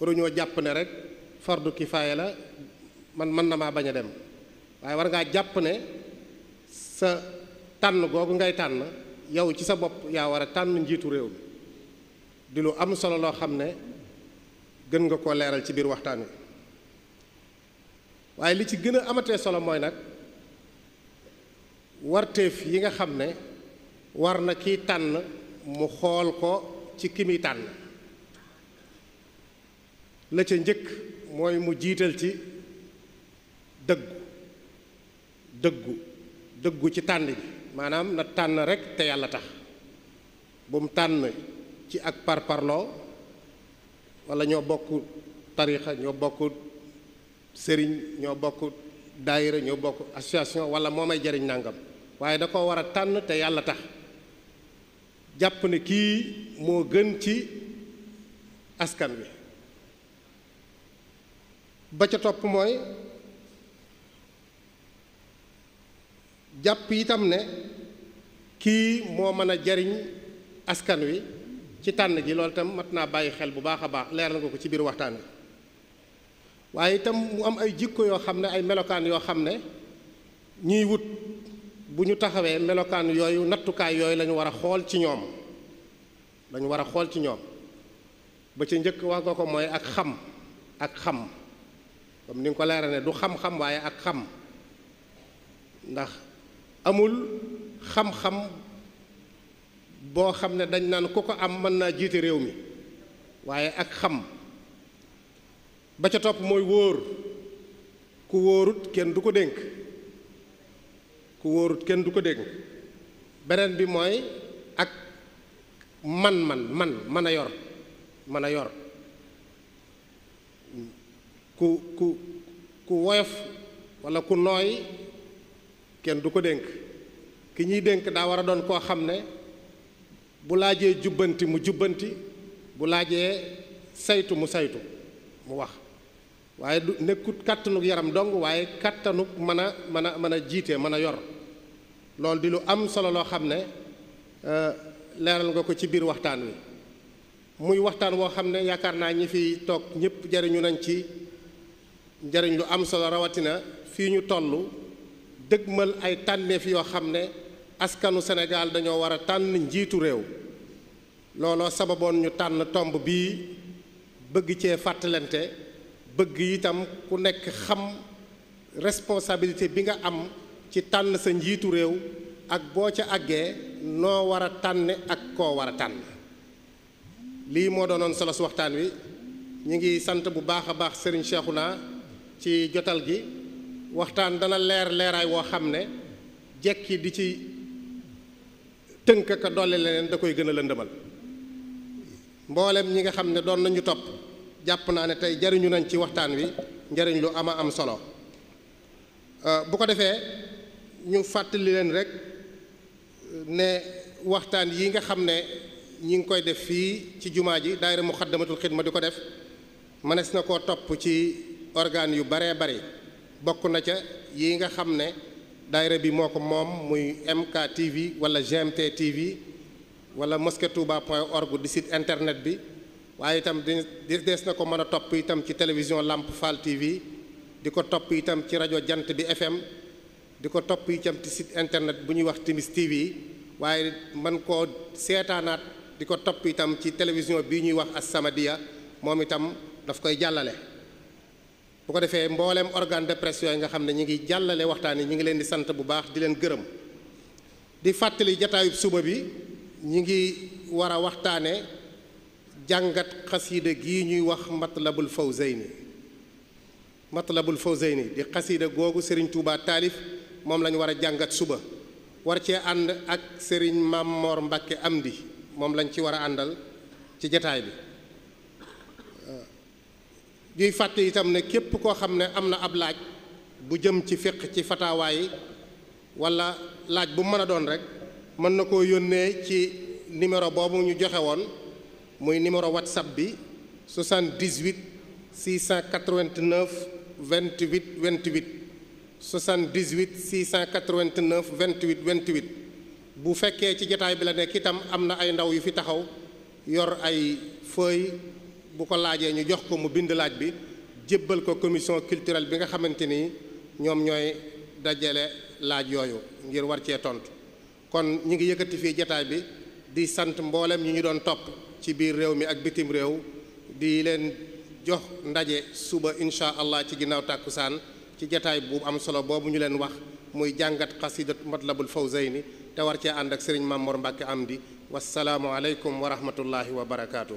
waruñoo jàpp ne rek fardu kifaaya la man mën na maa bañ a dem waaye war ngaa jàpp ne sa tànn googu ngay tànn yow ci sa bopp yaa war a tànn njiitu réew mi di lu am solo loo xam ne gën nga koo leeral ci biir waxtaan wi waaye li ci gën a amatee solo mooy nag warteef yi nga xam ne war na kiy tànn mu xool ko ci ki muy tànn la ca njëkk mooy mu jiital ci dëggu dëggu dëggu ci tànn bi maanaam na tànn rekk te yàlla tax bu mu tànn ci ak parparloo wala ñoo bokk tarixa ñoo bokk sëriñ ñoo bokk daayira ñoo bokk association wala moo may jariñ nàngam waaye da koo war a tànn te yàlla tax jàpp ni kii moo gën ci askan wi ba ca topp mooy jàpp itam ne kii moo mën a jariñ askan wi ci tànn ji loolu itam mat naa bàyyi xel bu baax a baax leer na ko ci biir waxtaan wi waaye itam mu am ay jikko yoo xam ne ay melokaan yoo xam ne ñuy wut bu ñu taxawee melokaan yooyu nattukaay yooyu lañu war a xool ci ñoom lañu war a xool ci ñoom ba ci njëkk wax nga ko mooy ak xam ak xam comme ni nga ko leeral ne du xam-xam waaye ak xam ndax amul xam-xam boo xam ne dañ naan ku ko am mën naa jiite réew mi waaye ak xam ba ca topp mooy wóor ku wóorut kenn du ko dénk ku wóorut kenn du ko dénk beneen bi mooy ak man man man mën a yor mën a yor ku ku ku woyof walla ku nooy kenn du ko dénk ki ñuy dénk daa war a doon koo xam ne bu laajee jubbanti mu jubbanti bu laajee saytu mu saytu mu wax waaye du nekkut kàttanuk yaram dong waaye kàttanuk mën a mën a mën a jiite mën a yor loolu di lu am solo loo xam ne euh, leeral nga ko ci biir waxtaan wi muy waxtaan woo xam ne yaakaar naa ñi fi toog ñëpp jariñu nañ ci njariñ lu am solo rawatina fii ñu toll dëgmal ay tànneef yoo xam ne askanu Sénégal dañoo war a tànn njiitu réew looloo sababoon ñu tànn tomb bii bëgg cee fàttalante bëgg itam ku nekk xam responsabilité bi nga am ci tànn sa njiitu réew ak boo ca àggee noo war a tànne ak koo war a tànn lii moo doonoon solo su waxtaan wi ñu ngi sant bu baax a baax Serigne Cheikhouna ci jotal gi waxtaan dana leer leeraay woo xam ne jekki di ci tënk ka dolli leneen da koy gën a lëndëmal mboolem ñi nga xam ne doon nañu topp jàpp naa ne tey jariñu nañ ci waxtaan wi njariñ lu ama am solo euh, bu ko defee ñu fàttali leen rek ne waxtaan yi nga xam ne ñi ngi koy def fii ci jumaa ji daayira muxaddamatul xidma di ko def mënees na koo topp ci organes yu baree bari bokk na ca yi nga xam ne daayira bi moo ko moom muy MK TV wala GMT TV wala mosquée touba point org di site internet bi waaye itam di dees na ko mën a topp itam ci télévision Lamp Fall TV di ko topp itam ci rajo Jant bi FM di ko topp itam ci site internet bu ñuy wax Timis TV waaye man koo seetaanaat di ko topp itam ci télévision bii ñuy wax ak sama samadiyya moom itam daf koy jàllale bu ko defee mbooleem organe de presse yooyu nga xam ne ñu ngi jàllale waxtaan yi ñu ngi leen di sant bu baax di leen gërëm di fàttali jataayub suba bi ñu ngi war a waxtaane jàngat xasiida gii ñuy wax matt matlabul fawzayni matlabul fawzayni di xasiida googu sëriñ Touba taalif moom lañu war a jàngat suba war cee ànd ak sëriñ Maam Moor am Amdi moom lañ ci war a àndal ci jataay bi ñuy fàtte itam ne képp koo xam ne am na ab laaj bu jëm ci fiq ci fatawaayi walla laaj bu mën a doon rek mën na ko yónnee ci numéro boobu ñu joxe woon muy numéro whatsapp bi 78 689 28 28 78 689 28 28 bu fekkee ci jataay bi la nekk itam am na ay ndaw yu fi taxaw yor ay feuille bu ko laajee ñu jox ko mu bind laaj bi jébbal ko commission culturelle bi nga xamante ni ñoom ñooy dajale laaj yooyu ngir war cee tontu kon ñu ngi yëkkati fii jataay bi di sant mboolem ñi ñu doon topp ci biir réew mi ak bitim réew di leen jox ndaje suba incha allah ci ginnaaw tàkkusaan ci jataay bu am solo boobu ñu leen wax muy jàngat xasidat matlabul fawzayni te war cee ànd ak sëriñ Mamoor Mbàkke Amdi wasalaamu aleykum wa rahmatullahi wa barakaatu